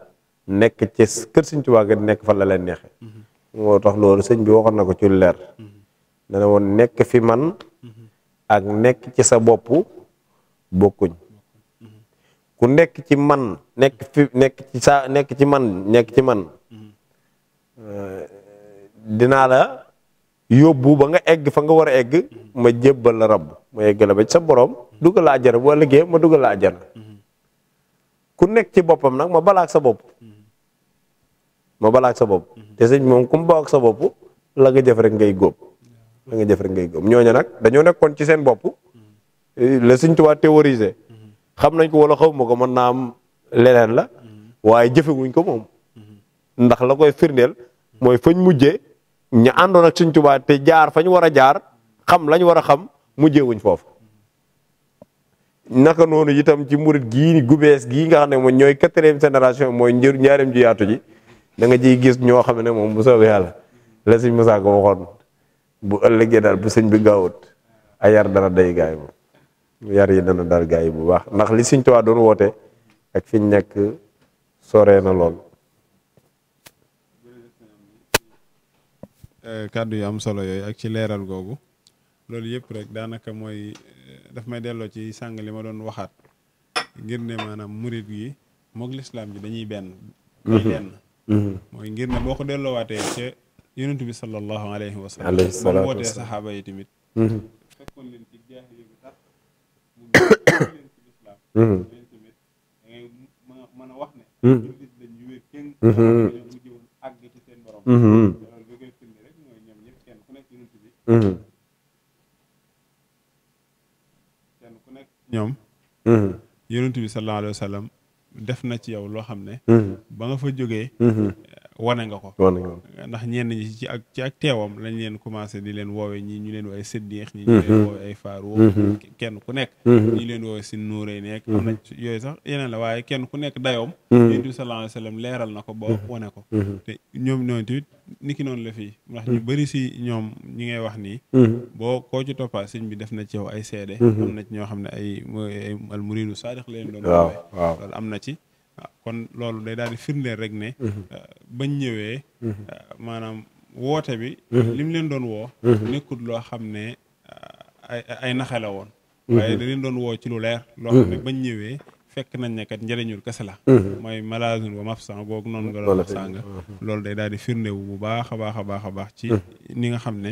nekk ci kër Sëñ Tuubaa ga nekk fa la leen neexe moo tax loolu sëñ bi waxoon na ko ci lu leer dana woon nekk fi man ak nekk ci sa bopp bokkuñ ku nekk ci man nekk fi ci sa nekk ci man nekk ci man dinaa la yóbbu ba nga egg fa nga war a egg ma jébbal la rabb mu yeggale ba sa borom dugal la àjjana boo liggéey ma dugal la àjjana ku nekk ci boppam nag ma balaak sa bopp ma balaak sa bopp te sëñ moom ku mu sa bopp la nga jëf rek ngay góob la nga jëf rek ngay góob ñooñu nag dañoo nekkoon ci seen bopp la sëñ Tuubaa nañ ko wala xaw ma ko mën naa leneen la waaye jëfewuñ ko la koy firndeel mooy fañ mujjee ña àndoon ak sëñ te jaar fañ war a jaar xam lañ war a xam mujjeewuñ foofu naka noonu itam ci murit gii gubees gii nga xam ne moom ñooy quatrième génération mooy njër njaareem ju yaatu ji danga nga ciy gis ñoo xam ne moom bu soobee yàlla la sëñ Musaa ko waxoon bu ëllëgee daal bu sëñ bi gaawut a yar dana day gaay moom yar yi dana dal gaay bu baax ndax li sëñ Tuubaa doon woote ak fi ñu nekk soree na lool eh, kàddu yu am solo yooyu ak ci leeral googu loolu yëpp rek daanaka mooy eh, daf may delloo ci sàng li ma doon waxaat ngir ne maanaam murit yi moog lislaam ji dañuy benn dañuy mhm. benn mhm. mooy ngir ne boo ko delloowaatee ca yonent bi sallallahu alayhi wa sallam moom wootee saxaaba yi tamit mhm. fekkoon leen ci mën a wax ne jullit seen borom loolu bi koy bi ñoom mm-hmm. yonent bi sallallahu alayhi def na ci yow loo xam ne mm-hmm. ba nga fa jógee mm-hmm. wane nga ko ndax ñenn ñi ci ak ci ak teewam lañ leen commencé di leen woowe ñi ñu leen woowe séddiix ñi ñu mhm. leen woowe ay faaru mhm. kenn ku nekk mhm. ñi leen woowe si nuuré nekk am na yooyu sax yeneen la waaye kenn ku nekk dayoom yonent bi sallallahu leeral na ko ba wane ko te ñoom ñooñu tamit niki noonu la fii ndax ñu bëri si ñoom ñi ngay wax nii boo koo ci toppaa sëñ bi def na ci ay seede am na ci ñoo xam ne ay al muridu saadiq leen doon woowe loolu am na ci waaw ah, kon loolu day daal di firndeel rek ne mhm. ah, bañ ñëwee mhm. ah, maanaam woote bi mhm. lim leen doon woo nekkut loo xam ne ay ay naxe la woon waaye da leen doon woo ci lu leer loo xam ne bañ ñëwee fekk nañ ne kat njëriñul kese la mooy malaasun wa mafsan googu noonu nga doon mafsan nga loolu day daal di firndewu bu baax a baax a baax a baax ci ni nga xam ne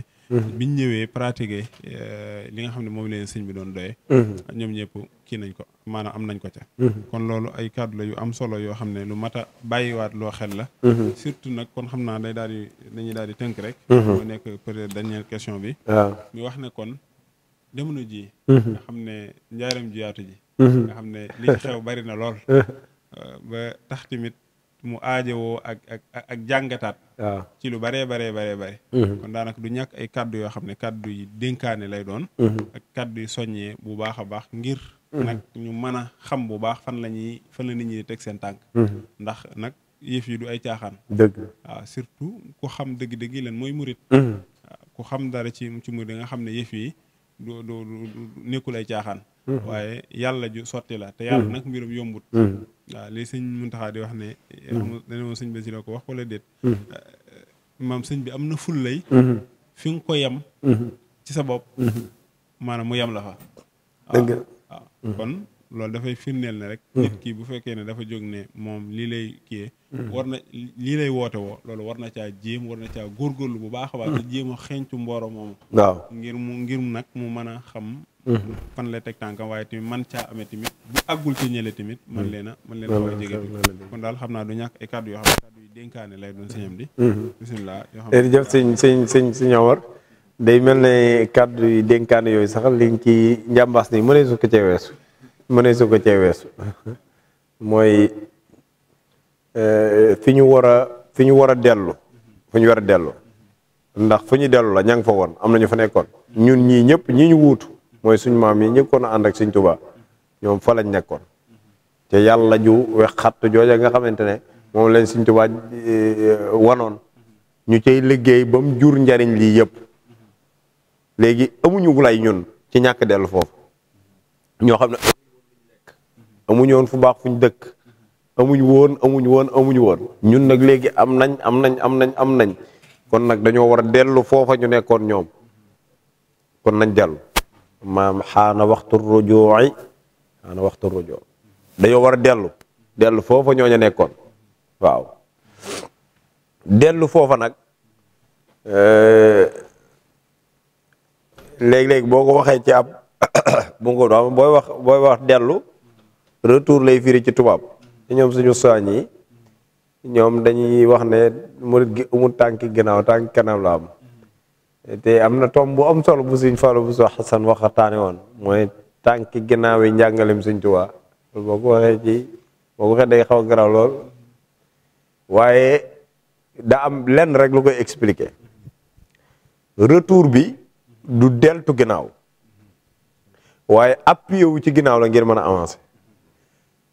biñ ñëwee pratiquer eh, li nga xam ne moom leen sëñ bi doon doye ñoom ñëpp kii nañ ko maanaam am nañ ko ca mhm. kon loolu ay kàddu la yu am solo yoo xam ne lu mat a bàyyiwaat loo xel la mhm. surtout nag kon xam naa day daal di dañuy daal di tënk rek mhm. moo nekk peut-être dernière question bi waaw ñu wax ne kon jamono ji nga xam ne njaaram ji ji nga xam ne li xew bari na lool <laughs> uh, ba tax tamit mu aajowoo ak ak jàngataat ci lu baree baree baree bare kon daanaka du ñàkk ay kàddu yoo xam ne kàddu yi dénkaane lay doon ak kàddu soññee bu baax a baax ngir nag mhm. ñu mën a xam bu baax fan la ñuy fan la nit ñi teg seen tànk mhm. ndax nag yëf yi du ay caaxaan dëgg waaw ah, surtout ku xam dëgg-dëgg yi leen mooy murit waaw mhm. ah, ku xam dara ci ci murit da nga xam ne yëf yi du du nekkul ay caaxaan waaye yàlla ju sotti la te yàlla nag mbirum yombut waaw ah, li sëñ Muntaxa di wax ne dañoo sëñ Basiru ko wax ko la déet maam sëñ bi am na fullay fi nga ko yem ci sa bopp maanaam mu yem la fa waaw kon loolu dafay firndeel ne rek hmm. nit ki bu fekkee ne dafa jóg ne moom lii lay kii hmm. war na lii lay woote woo loolu war na caa jéem war na caa góorlu bu baax a baax hmm. te xencu mbooro moomu waaw ngir mu ngir nag mu mën a xam fan la teg tànkam waaye tamit man caa amee tamit bu àggul ci ñële tamit man leen a man leen a koy jege kon daal xam naa du ñàkk ay kàddu yoo xam ne kàddu yu dénkaane lay doon sëñam di bisimilah yoo xam ne jërëjëf sëñ sëñ sëñ day mel ne kàddu yi dénkaan yooyu sax liñ ci njàmbaas ni mën su ko cee weesu mënee su ko cee weesu mooy eh, fi ñu war a fi ñu war a dellu fu war a dellu ndax fu ñu dellu la ña nga fa woon am na ñu fa nekkoon ñun ñii ñëpp ñi ñu wuutu mooy suñ maam yi ñëkkoon a ànd ak suñ tubaa ñoom fa lañ nekkoon te yàlla ju we xattu jooja nga xamante ne moom lañ suñ tubaa eh, wanoon ñu cay liggéey ba jur njariñ lii yëpp léegi amuñu wulay ñun ci ñàkk dellu foofu ñoo xam ne amuñu fu baax fuñ dëkk amuñ woon amuñ woon amuñu woon ñun nag léegi am nañ am nañ am nañ am nañ kon nag dañoo war a dellu foofa ñu nekkoon ñoom kon nañ dellu maam xaana waxtu rujuuci xaana waxtu rujuu dañoo war a dellu dellu foofa ñooña nekkoon waaw dellu foofa nag euh, léegi-léegi boo ko waxee ci ab <coughs> bu nga ko wax booy wax dellu retour lay firi ci tubaab ñoom suñu saañ yi ñoom dañuy wax ne murit gi amul tànki ginnaaw tànki kanam la am te am na tom bu am solo bu suñ Fallou bu soo xasan waxtaane woon mooy tànki ginnaaw yi njàngalem suñ Tuubaa boo ko waxee ci boo ko waxee day xaw a garaaw lool waaye daa am lenn rek lu koy expliquer retour bi du deltu ginnaaw waaye appuyé wu ci ginnaaw la ngir mën a avancer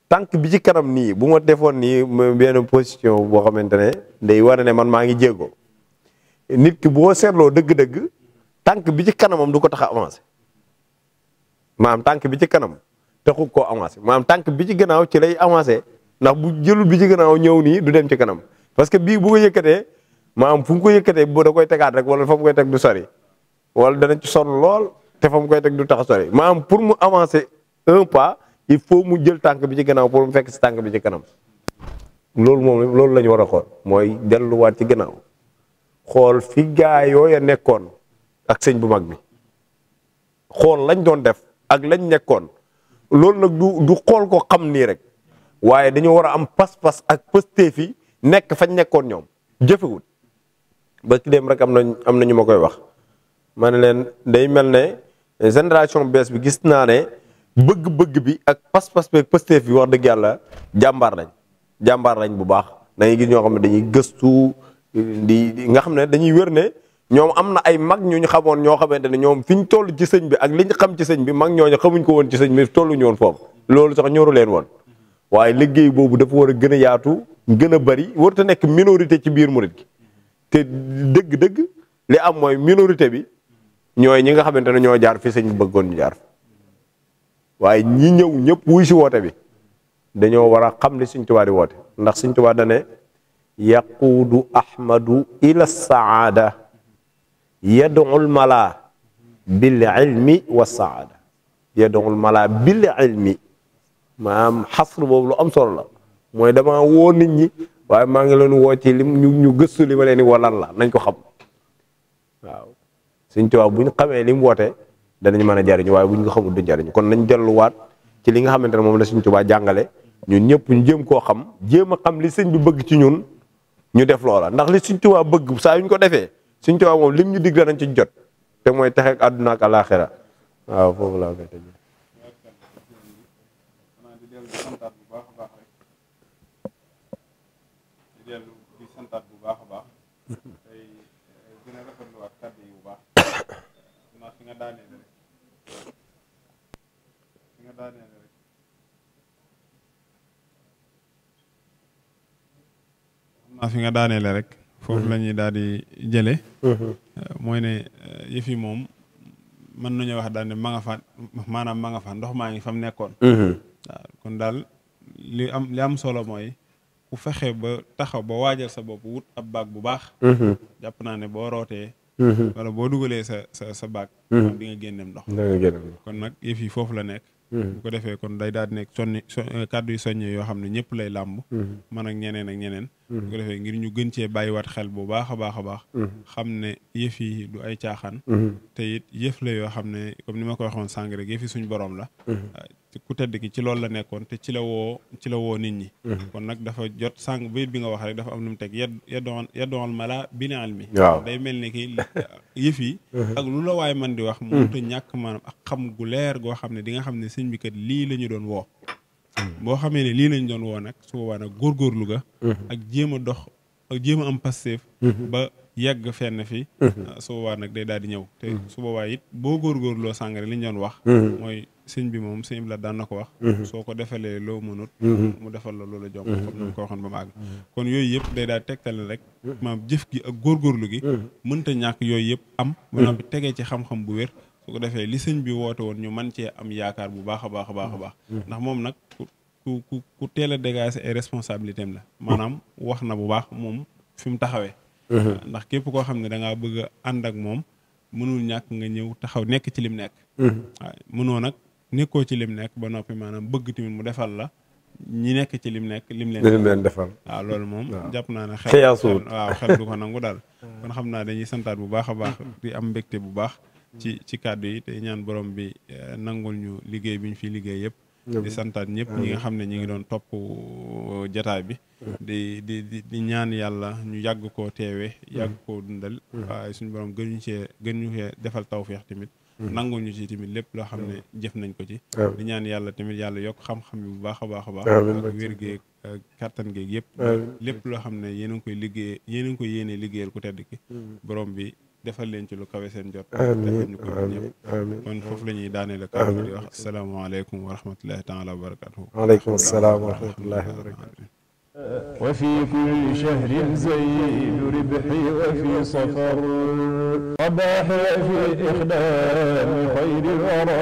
tànk bi ci kanam nii bu ma defoon nii benn position boo xamante ne day war ne man maa ngi jéego nit ki boo seetloo dëgg-dëgg tànk bi ci kanamam du ko tax a avancer maanaam tànk bi ci kanam taxu koo avancer maam tànk bi ci gannaaw ci lay avancer nax bu jëlul bi ci gannaaw ñëw nii du dem ci kanam parce que bii bu ko yëkkatee maanaam fu ko yëkkatee bu da koy tegaat rek wala fa koy teg du sori. wala dana ci sonn lool te fa mu koy teg du tax a sori maanaam pour mu avancé un pas il faut mu jël tànk bi ci gannaaw pour mu fekk si tànk bi ci kanam loolu moom loolu lañu ñu war a xool mooy delluwaat ci gannaaw xool fi gaa yooya nekkoon ak sëñ bu mag mi xool lañ doon def ak lañ nekkoon loolu nag du du xool ko xam nii rek waaye dañu war a am pas-pas ak pëstee fi nekk fañ nekkoon ñoom jëfewut ba ki dem rek am na am na ñu ma koy wax. ma ne leen day mel ne génération bees bi gis naa ne bëgg-bëgg bi ak pas-pas beeg Pastef bi wax dëgg yàlla jàmbaar lañ jàmbaar lañ bu baax dangay gis ñoo xam ne dañuy gëstu di nga xam ne dañuy wér ne ñoom am na ay mag ñu ñu xamoon ñoo xamante ne ñoom fi ñu toll ci sëñ bi ak li ñu xam ci sëñ bi mag ñooñu xamuñ ko woon ci sëñ bi tolluñu woon foofu loolu sax ñoru leen woon waaye liggéey boobu dafa war a gën a yaatu gën a bari warut a nekk minorité ci biir murit gi te dëgg-dëgg li am mooy minorité bi ñooy ñi nga xamante ne ñoo jaar fi sëñ bi bëggoon ñu jaar waaye ñi ñëw ñëpp wuy si woote bi dañoo war a xam li sëñ Tuubaa di woote ndax sëñ Tuubaa dane yaquudu ahmadu ila saada yadul mala bil ilmi wa saada yadul mala bil ilmi maanaam xasru boobu lu am solo la mooy dama woo ñi waaye maa ngi leen woo ci lim ñu ñu gëstu li ma leen di woo lan la nañ ko xam waaw Sëñ Tuubaa bu ñu xamee li mu woote danañ mën a jariñ waaye bu ñu ko du jariñ kon nañ delluwaat ci li nga xamante ne moom la Sëñ Tuubaa jàngale ñu ñëpp ñu jéem koo xam jéem a xam li sëñ bi bëgg ci ñun ñu def loola ndax li Sëñ Tuubaa bëgg saa yu ko defee Sëñ Tuubaa moom lim ñu dig añ ci jot te mooy texe ak àdduna ak àlaaxira foofu laa koy naa nga daaneele rek foofu mhm. la ñuy daal di jële mhm. euh, mooy ne euh, yëf yi moom mën nañoo wax daal ne ma nga fa maanaam ma fa ndox maa ngi fam nekkoon mhm. kon daal li am li am solo mooy ku fexe ba taxaw ba waajal sa bopp wut ab baag bu baax jàpp naa ne boo rootee wala boo dugalee sa sa sa baag di nga génneem ndox kon nag yëf yi foofu la nekk Mm-hmm. bu ko defee kon day daal di nekk sonni eh, kàddu yu soññee yoo xam ne ñëpp lay làmb mm-hmm. man ak ñeneen ak ñeneen mm-hmm. bu ko defee ngir ñu gën cee bàyyi bàyyiwaat xel bu baax a baax a baax xam ne yëf yi du ay caaxaan te it yëf la yoo xam ne comme ni ma ko waxoon sàng rek yëf yi suñ borom la ah, ku tedd ki ci loolu la nekkoon te ci la woo ci nit ñi mhm. kon nag dafa jot sànq bayit bi nga wax rek dafa am lu mu teg yedd yeddoon yeddoonal mala bi ne almi waaw day mel ni ki <laughs> yëf mhm. ak lu la man di wax mu mhm. te ñàkk maanaam ak xam gu leer goo xam ne di nga xam ne sëñ bi lii la doon woo boo xamee ne lii lañ doon woo nag su boobaa nag góorgóorlu ga ak jéem a dox ak jéem a am passeef ba yegg fenn fi su nag day daal di ñëw te su boobaa it boo góor sàngare li ñu doon wax sëñ bi moom sëñ bi la daan na ko wax mhm. soo ko defalee loo mënut mhm. mu defal la loolu jom mhm. comme ni mu ko waxoon ba mu àgg kon yooyu yëpp day daal tegtale rek maanaam jëf gi ak góorgóorlu gi mënta ñàkk yooyu yëpp am maanaam bi tegee ci xam-xam bu wér su ko defee li sëñ bi woote woon ñu man cee am yaakaar bu baax a baax a baax a baax ndax moom nag ku ku ku teel a dégager ay responsabilité am la maanaam wax na bu baax moom fi mu taxawee ndax képp koo xam ne da ngaa bëgg ànd ak moom mënul ñàkk nga ñëw taxaw nekk ci lim nekk nekkoo ci lim nekk ba noppi maanaam bëgg tamit mu defal la ñi nekk ci lim nekk lim leen. lim defal waaw loolu moom. jàpp naa ne xel waaw xel du ko nangu daal. kon xam naa dañuy santaat bu baax a baax di am mbégte bu baax. ci ci kàddu yi te ñaan borom bi eh, nangul ñu liggéey bi ñu fi liggéey yëpp. di santaat ñëpp ñi nga xam ne ñi ngi doon topp eh, jataay bi mm. di di di ñaan yàlla ñu yàgg koo teewe yàgg mm. koo dundal mm. waaye suñu borom gën ñu cee gën ñu cee defal tawféex tamit nangul ñu ci tamit lépp loo xam ne jëf nañ ko ci di ñaan yàlla tamit yàlla yokk xam-xam bi bu baax a baax a baax ak wér geeg kattan geeg yëpp lépp loo xam ne yéen a ngi koy liggéey yéen a ngi koy yéene liggéeyal ku tedd ki borom bi defal leen ci lu kawe seen jot defal ñu ko ñëpp kon foofu la ñuy daaneele kàddu di wax asalaamaaleykum wa rahmatullahi taala wa barakatuhu waaleykum salaam wa rahmatullahi wa barakatuhu وفي كل شهر زيد ربحي وفي صفر صباح وفي إخدام خير الورى